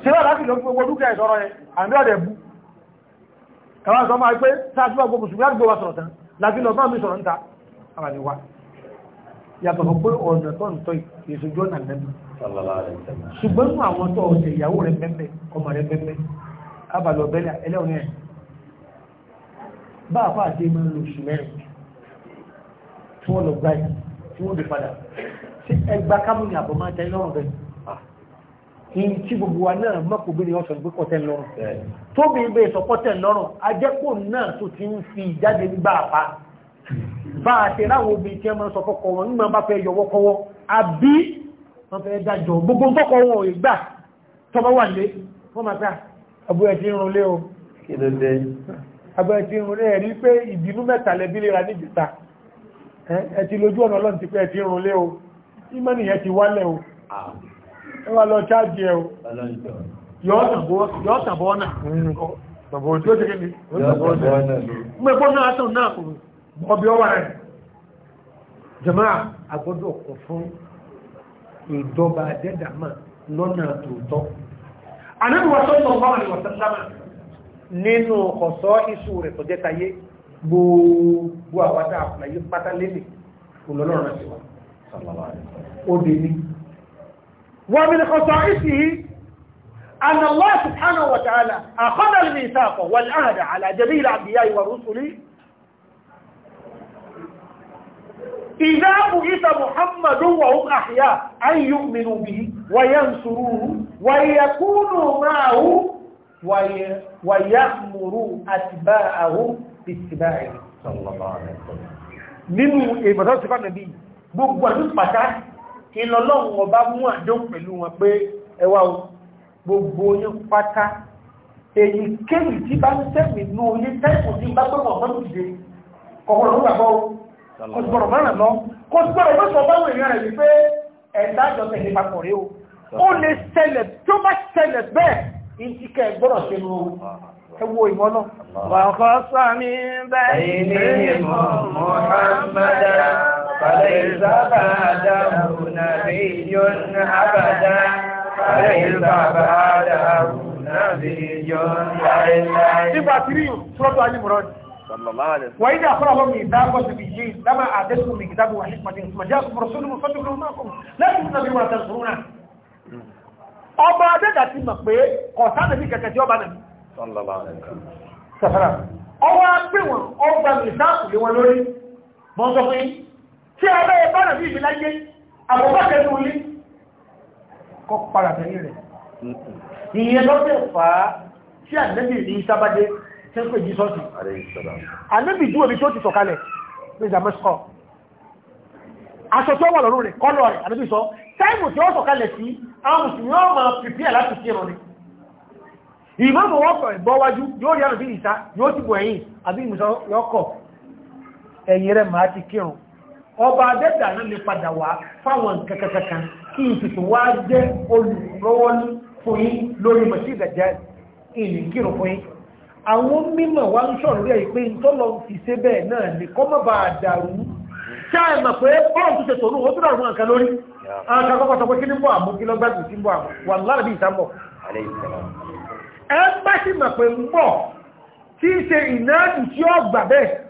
ṣe wà láti lọ gbogbo dúkẹ́ ìṣọ́rọ̀ ẹ̀ àndíọ̀dẹ̀ bú ẹwà sọ máa pé sáàtúwà gbogbo ṣùgbọ́n láti gbogbo sọ̀rọ̀ tán láti lọ bá mi sọ̀rọ̀ ń ta àwàníwá yàtọ̀ sọ pé ọ̀nà tó ń tọ́ ìṣojú ọ̀nà lẹ́nu ṣùgbọ́n nù àwọn tó ọ̀sẹ̀ ìyàwó rẹ̀ pẹ́pẹ́ ọmọ rẹ̀ pẹ́pẹ́ abalọ̀ bẹ́lẹ̀ ẹlẹ́wọ̀n ẹ̀ bá àfáà dé máa ń lo oṣù mẹ́rin tí wọ́n lọ gbáyà tí wọ́n lè padà ṣe ẹgbà kámú ni àbọ̀ máa tẹ lọ́rùn bẹ́ẹ̀ ah. kí n tí gbogbo wa náà mọ̀ kó bínú ọ̀sán gbé kọ́tẹ́ lọ́rùn tóbi bẹ́ẹ̀ sọ kọ́tẹ́ lọ́rùn ajẹ́pò náà tó ti ń fi ìjáde gbà pa bá a ṣe ráwọ̀ obìnrin tí ẹ máa sọ fọ́kọ̀ wọn nígbà bá fẹ́ yọwọ́ kọ́wọ́ àbí wọ́n fẹ́ dájọ́ gbogbo fọ́kọ̀ wọn ò gbà tọ́bọ̀ wà lé wọ́n máa gbà abúrẹ́ tí ń rún lé o abúrẹ́ tí ń rún lé rí pé ìbínú mẹ́ta lẹ́bí lè ra níjìta ẹ ti lójú ọ̀nà ọlọ́run ti pé ẹ ti ń rún lé o ìmọ̀nì yẹn ti wálẹ̀ o ẹ wá lọ chájì ẹ o yọ́ tàbọ̀ ọ̀nà tàbọ̀ ojú ọjọ́ kẹ́lẹ̀ mẹ́gbọ́ náà tàn náà kò ọbí ọwà rẹ̀ jẹ́mọ́ àgbọ́dọ̀ kọ̀ fún ìdọba dẹ́dàmà lọ́nà tòótọ́ nínú ọ̀sọ́ iṣu rẹ̀ tọ́jẹ́tayé gbogbo àwádà àpùlàyé pátá lélẹ̀ olọ́lọ́rọ̀ sí wa obìnrin wọ́n mi أن الله سبحانه وتعالى أخذ الميثاق والعهد على جميع الأنبياء ورسله إذا بعث محمد وهم أحياء أن يؤمنوا به وينصروه ويكونوا معه وي... ويأمروا أتباعهم باتباعه صلى الله عليه وسلم nínú ìbọ̀dọ̀ ti gbogbo àti pàtà ìlọlọ́run ọba mú àjọ pẹ̀lú wọn pé ẹwà o gbogbo oyún pátá èyí kéwì tí bá ń tẹ́mì ní oyé tẹ́kù tí bá gbọ́nà ọ̀pọ̀ ìdè kọ̀kọ̀rọ̀ ló gbàgbọ́ kò gbọ́rọ̀ márùn lọ kò gbọ́rọ̀ mọ́ sọ báwọn èèyàn rẹ̀ wípé ẹ̀dá àjọ tẹ̀lé papọ̀ bẹ́ẹ̀ ni mo mọ̀ فليس بعده نبي أبدا فليس بعده نبي إلا تبع تريم سورة آل عمران وإذا أخرهم ميثاق وسبيين لما أعدتكم من كتاب وحكمة ثم جاءكم رسول مصدق معكم لا تنبغي ما تنصرونه ọba adẹ́dà ti mọ̀ pé ọ̀sánà ní kẹ̀kẹ̀ tí ọba náà sọ̀rọ̀ ọwọ́ pé wọn ọgbà mìsáàkù lé wọn lórí mọ́ sọ fún yí tí a bẹ́ ẹ̀bọ́nà bí ìbí láyé àbúgbàtẹ́ tó lé kọ́ padà tẹ́lẹ̀ rẹ̀ ìyẹn lọ́tẹ̀ fà á tí ànẹ́bì ní sábádé tí ń pè jí sọ́ọ̀tì ànẹ́bì dúró bí tó ti sọ̀kalẹ̀ ní Damascus aṣọ tó wà lọ́rùn rẹ̀ kọ́lọ̀ rẹ̀ ànẹ́bì sọ táìmù tí ó sọ̀kalẹ̀ sí àwọn mùsùlùmí ó ọba adẹ́dà náà lè padà wá fáwọn kankankan kí n tuntun wá jẹ́ olùrọwọ́ fún yín lórí mọ̀sí ìdàjẹ́ ìlú kírun fún yín àwọn mímọ̀ wá ń sọ̀rọ̀ rẹ̀ pé n tọ́lọ ti ṣe bẹ́ẹ̀ náà ní kọ́ mọ́ bá dàrú ṣáà mọ̀ pé bọ́ọ̀n tó ṣe tòun ó tún àwọn nǹkan lórí àwọn kan kọ́kọ́ sọ pé kí ní bọ́ àmú kí lọ́gbàgbù sí bọ́ àmú wà lára tí ṣe ìnáàdù tí ó gbà bẹ́ẹ̀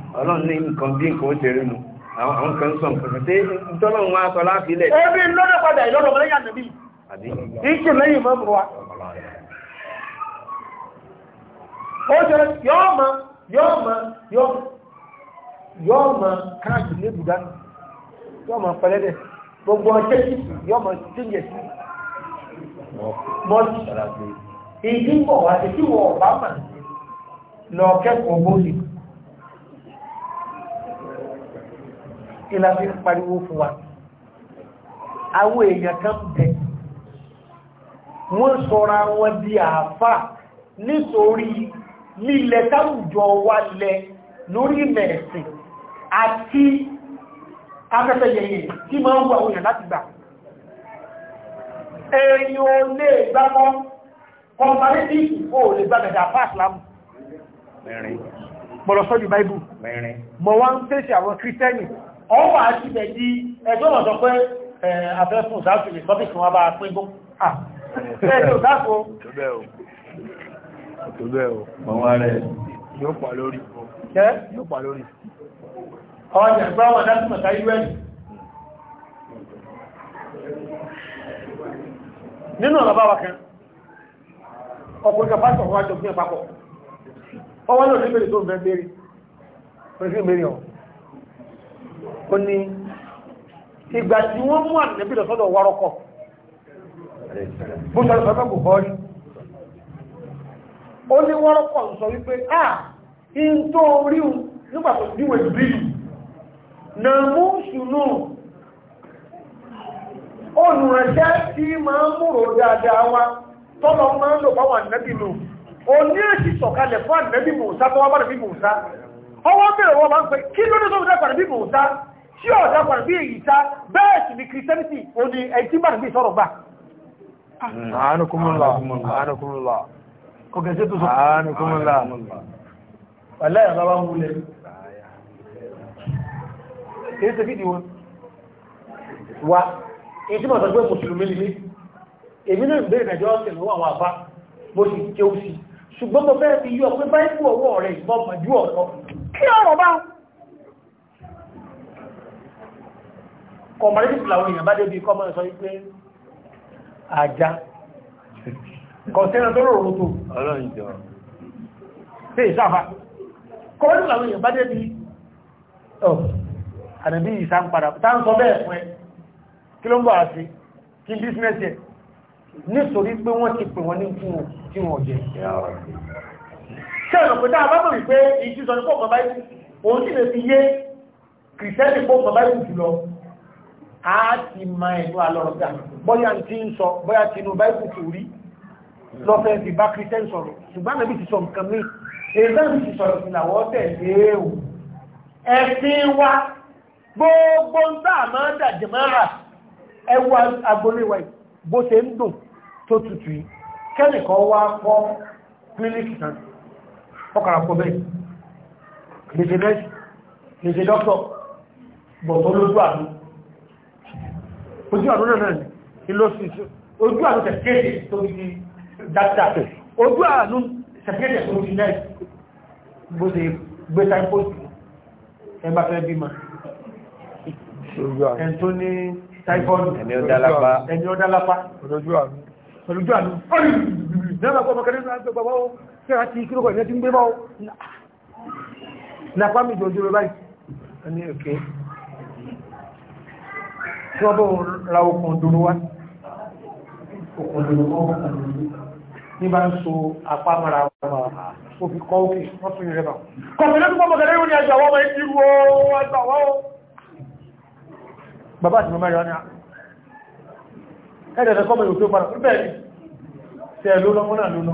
ọlọ́run ní nǹkan bí nǹkan ó ṣe rí mu àwọn kan sọ nǹkan tí tọ́lọ́run wá sọ láti ilẹ̀. ebi lọ́dọ̀ padà ìlọ́dọ̀ lẹ́yìn àtẹ̀bí ìṣe lẹ́yìn mọ́ bọ̀ wá. ó ṣe yọ́ mọ yọ́ mọ yọ́ mọ káàdì lébùdá yọ́ mọ pẹlẹ́dẹ̀ gbogbo ọjọ́ ìsìn yọ́ mọ tíyẹ̀ sí mọ́tì ìdí ń bọ̀ wá wọ́n ọ̀bá mà lọ kẹ́kọ̀ọ́ bóyìí. ìlà fi ń pariwo fún wa àwọn èèyàn kan bẹ̀ wọ́n sọ́ra wọn di àáfà nítorí lílẹ̀ táwùjọ wa lẹ lórí mẹ̀ẹ̀sìn àti afẹ́fẹ́ yẹyẹ tí máa ń wà àwọn èèyàn láti gbà ẹ̀yìn ò lè gbámọ́ comparative ò lè gbámẹ̀dà fáslámù mọ̀lọ̀sọ́jú báibù mọ̀ wá ń tẹ́sì àwọn kírísítẹ́nì ọwọ́ àti ibẹ̀ di ẹjọ́ wọn sọ pé àfẹ́fún òsáàfù lè sọ́bí fún wa bá pín gún ẹjọ́ òsáàfù tó bẹ́ẹ̀ o ọwọ́ rẹ̀ yóò pa lórí yóò pa lórí ọjà ìgbáwọn dátùmọ̀ sáyé wẹ́lì nínú ọ̀rọ̀ bá wa kan ọkùnrin kan pásítọ̀ wájọ gbé papọ̀ ọwọ́ náà ní bèrè tó ń bẹ bèrè pẹ̀lú bèrè ọ̀hún ó ní ìgbà tí wọ́n mú ànẹ́bí lọ sọ́dọ̀ wárọ́kọ̀ bó sọ́dọ̀ sọ́dọ̀ kò bọ́ rí ó ní wárọ́kọ̀ sọ wípé à in tó rí nígbà tó díwẹ̀ bí na mú ṣùnú olùrẹ̀ṣẹ́ tí máa ń múrò dáadáa wa tọ́lọ máa ń lò fáwọn ànẹ́bí nù ó ní èsì sọ̀kalẹ̀ fún ànẹ́bí mùsá tó wá bá ọwọ́ bèèrè wọ́n máa ń pẹ́ kí ló ní tó dá pàdé bí mò ń sá tí ò dá pàdé bí èyí sá bẹ́ẹ̀ sì ni kìrìsìtẹ́nìtì ò ní ẹ̀tí bàdé bí sọ̀rọ̀ gbà. àánúkúmùlá àánúkúmùlá kò gẹ̀ẹ́sẹ̀ tó sọ. àánúkúmùlá pẹ̀lẹ́ ìyàbá bá ń wulẹ̀. èyí ṣe fídíò wa èyí tí màá sọ pé mùsùlùmí lè èmi náà ìbéèrè nàìjọ́ ọ̀sẹ̀ lọ́wọ́ àwọn àbá mo sì ké ó sí ṣùgbọ́n mo fẹ́ fi yọ pé báyìí kú ọwọ́ rẹ̀ ìbọn mọ̀jú ọ̀rọ̀ kí ọ̀rọ̀ bá kọmọlẹ́sì làwọn èèyàn bá débi kọmọ sọ wípé àjá kọ̀ọ̀tẹ́rẹ tó rò rò tó ọlọ́ìjọ tí ìsáfà kọmọlẹ́sì làwọn èèyàn bá débi ọ̀ àdàbí ìsá ń padà tá ń sọ bẹ́ẹ̀ fún ẹ kí ló ń bọ̀ àti kí bísínẹ́sì ẹ̀ nítorí pé wọ́n ti pè wọ́n ní fún tí wọ́n jẹ́ ṣẹ́ẹ̀lù pẹ̀lú àbábọ̀ wípé ìjú sọ ní pọ̀ bàbá ìlú òun sì lè fi yé kìrìsẹ́lì pọ̀ bàbá ìlú jùlọ a ti ma ẹ̀nu alọ́rọ̀gbà bóyá tí ń sọ bóyá tí inú báyìí kò rí lọ́fẹ́ ti bá kìrìsẹ́lì sọ̀rọ̀ ṣùgbọ́n nàbí ti sọ nǹkan mí èèyàn sì ti sọ̀rọ̀ ìlà wọ́n tẹ̀lé e o ẹ̀sìn wa gbogbo ń tà máa ń dàjẹ̀ máa rà ẹwà agbolé wa bó ṣe ń dùn tó tutù yìí wá kọ́ pílíkì náà ọkàrà pọ̀ bẹ́ẹ̀ lèṣe bẹ́ẹ̀ lèṣe dọ́kọ̀ bọ̀tọ̀ lójú àdó ojú àdó náà náà ni ló sì ojú àdó tẹ̀kẹ́ẹ̀tẹ̀ tó ti dáadáa ojú àdó tẹ̀kẹ́ẹ̀tẹ̀ tó ti náà bó ṣe gbé táìpóòtì ẹgbà fẹ́ bímọ ẹn tó ní táìpóòtì ẹni ọdálápá olójú àdó kẹ́ra ti kí ló kọ̀ ìyẹn ti ń mi jòjò rẹ̀ báyìí ní òkè tí wọ́n bọ́ ra okùn dúró wá okùn dúró wá ní bá ń so apá mara wọn ó fi kọ́ òkè wọ́n fi rẹ̀ bà kọ̀pẹ̀lẹ́ tó pọ̀ gẹ̀rẹ́ ìrìn àjò àwọn ọmọ ẹgbẹ̀rún ooo àgbàwọ́ bàbá kọ́mọ̀ yóò padà bẹ́ẹ̀ ni tẹ́ẹ̀ lónà mọ́nà lónà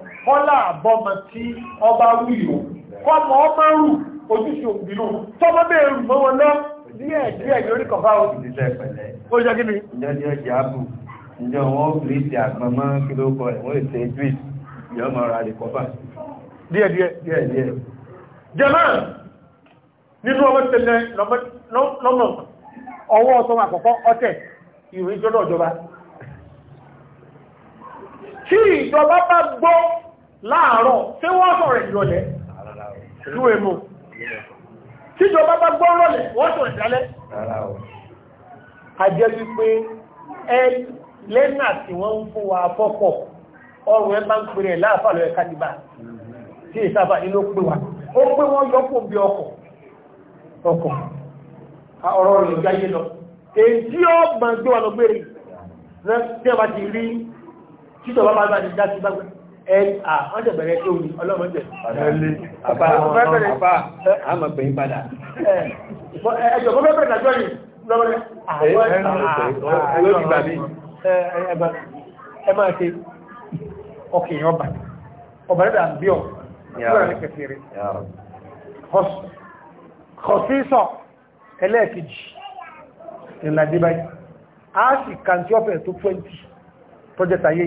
kọ́lá àbọ́mọ tí ọba wúyò kọ́mọ ọmọ rù ojúṣe òbínú tọ́mọ bẹ́ẹ̀ rù mọ́ wọn lọ díẹ̀ díẹ̀ lórí kọ̀fà ó ó jẹ́ kí ni. ǹjẹ́ ni ọjà ààbò ǹjẹ́ wọn ó fi ti àgbọn mọ́ kí ló kọ ẹ̀wọ̀n ètò ẹ̀jú ìyá ọmọ ara rẹ̀ kọ́fà. díẹ̀ díẹ̀ díẹ̀ díẹ̀. jẹ́mọ́ nínú ọmọ tẹ̀lé lọ́mọ ọwọ́ ọ̀tọ́ àkọ́kọ́ ọ̀tẹ̀ ìròyìn jọ́dọ̀ ìjọba. tí ìjọba bá gbọ́ láàárọ̀ tí wọ́n sọ rẹ̀ ìrọ̀lẹ́ ló èmò tíjọba bá gbọ́ rọ̀lẹ̀ wọ́n sọ ìdálẹ́ àjẹ́ wípé ẹ lẹ́nà tí wọ́n ń fún wa fọ́pọ̀ ọrùn ẹ bá ń pèrè láàfàlọ́ ẹ̀ká dìbà tí ìsáfà inú pè wà ó pé wọ́n yọ́pò bí ọkọ̀ ọkọ̀ ọ̀rọ̀ rẹ̀ jáyé lọ èyí ọgbọ̀n gbé wà lọ gbére tí a bá ti rí títọ̀ bá bá ti dá sí bá gbé la wọ́n jẹ̀ bẹ̀rẹ̀ tó ní ọlọ́run jẹ̀ ẹ̀lẹ́ àbá àmọ̀ pẹ̀yìn padà ẹjọ̀ kọ́ bẹ́ẹ̀ dájọ́ yìí lọ́wọ́lẹ́ ẹ máa ṣe ọkìyàn ọba ọba rẹ̀ dàbí ọ̀ lọ́rọ̀ ní kẹfẹ́rẹ́ kọ̀sísọ̀ ẹlẹ́ẹ̀kejì ìrìnàdé báyìí a sì kàntí ọ̀fẹ́ tó 20 tọ́jẹ́ta yé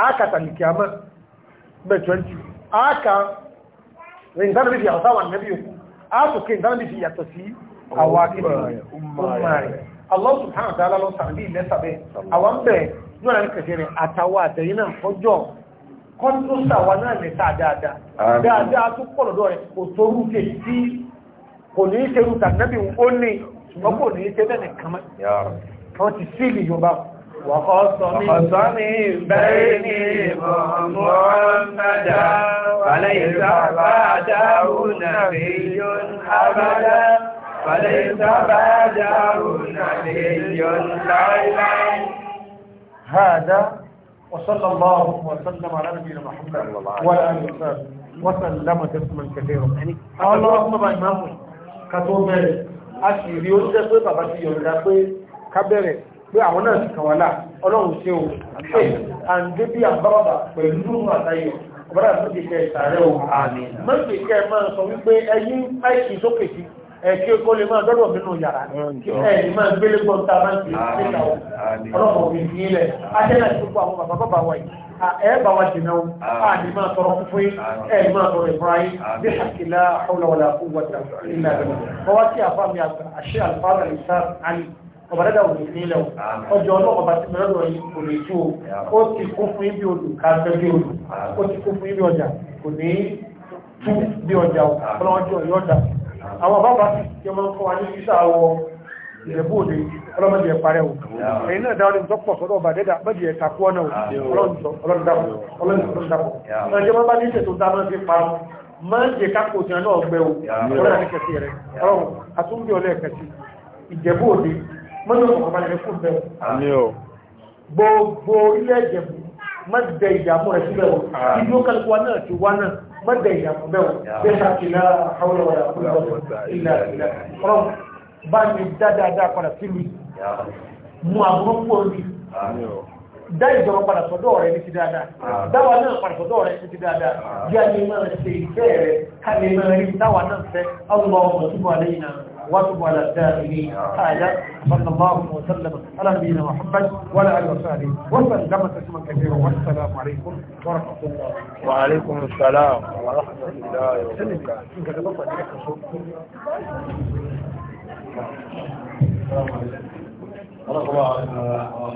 a kàtàlìkì àmọ́ bẹ̀ 20 aka rẹ̀ ìdáná bí i àwọn sáwọn nẹ́bí òkú áàtùkè ìdáná bí i yàtọ̀ sí àwọn akẹ́kẹ̀ẹ́ Allah subhanahu wa ta'ala lọ sàrìbí ilẹ́sàbẹ́ àwọn bẹ̀ níwọ̀n ní kẹsẹ̀rẹ̀ àtàwà àtẹ̀yìn náà fọ́jọ́ kọ́ntúnsà wa náà lè ta dáadáa dáadáa tó pọ̀ lọ́dọ̀ rẹ̀ kò tó rúkè sí kò ní í ṣe rúkà nẹ́bí ó ní ṣùgbọ́n kò ní í ṣe bẹ́ẹ̀ nìkan mọ́ ti sílì yorùbá وخصم بيني محمدا فليس بعده نبي أبدا فليس بعده نبي ليلا هذا وصلى الله وسلم على نبينا محمد وعلى اله وصحبه وسلم تسليما كثيرا يعني اللهم بارك امامك كتوبه اشي يوسف بابا يوسف كبره pé àwọn náà ti kàn wá là ọlọ́run ṣe o ṣe àǹdé bí àbábà pẹ̀lú àtayọ̀ ọ̀bára méjì kẹ ìtàrẹ́ o méjì kẹ máa sọ wípé ẹyin pẹ́ẹ̀kì sókè sí ẹ̀kí kó lè máa dọ́dọ̀ nínú yàrá ẹ̀yìn máa gbélé gbọ́ntà máa ń fi níta o ọlọ́run òfin fi ilẹ̀ ajẹ́lẹ̀ tó kó àwọn bàbá bàbá wa yìí ẹ̀ẹ́bà wa jìnà o àdì ọ̀bàdàdà ò ní sílẹ̀ ọjọ́ náà ọba tí mẹ́rọ̀ lọ yìí kò lè tó ó ti kún fún ibi odò káfẹ́ bí odò ó ti kún fún ibi ọjà kò ní tú bí ọjà ọlọ́jọ́ yọ̀ọ̀dà àwọn bàbá tí wọ́n kọ́ wa ní sísá wọ ìrẹ̀bú òde ọlọ́mọdé ẹ̀ parẹ́ o ẹ̀yin náà dáwọn ẹni tó pọ̀ sọ́dọ̀ ọba dẹ́dà mọ́dé ẹ̀ takú ọ̀nà o ọlọ́dúndàpọ̀ ọlọ́dúndàpọ̀ ọjọ́ bá bá ní ìṣètò dáná sí pa máa ń jẹ kápò tí wọn náà gbẹ o ọlọ́dúndàpọ̀ àtúndì ọlẹ́ẹ̀kẹ́sì ìjẹ̀bú òde mọ́tò ọ̀pọ̀pọ̀lẹ̀ fún bẹ́ẹ̀. àmì o. gbogbo ilé ìjẹ̀bù mọ́tò ìyàmú rẹ̀ síbẹ̀ o ìlú ah. kálukúwa náà ti wá náà mọ́tò ìyàmú bẹ́ẹ̀ o bẹ́ẹ̀ sàkìlá àwọn ọ̀rọ̀ ilẹ̀ ilẹ̀ ọ̀rọ̀ bá mi dáadáa padà sílùú mú àbúrò pọ̀ ní dá ìjọba padà sọ́dọ̀ rẹ̀ ní ti dáadáa ah. dáwà náà padà sọ́dọ̀ rẹ̀ ní ti dáadáa ah. bí a ní máa ṣe ìfẹ́ rẹ̀ ká lè máa rí dáwà náà fẹ́ ọlọ́mọ ọmọ túnbọ̀ àlẹ́yìn náà واتب على الدائمين هذا صلى الله وسلم على نبينا محمد وعلى اله وصحبه وسلم تسليما كثيرا والسلام عليكم ورحمه الله وعليكم السلام ورحمه الله وبركاته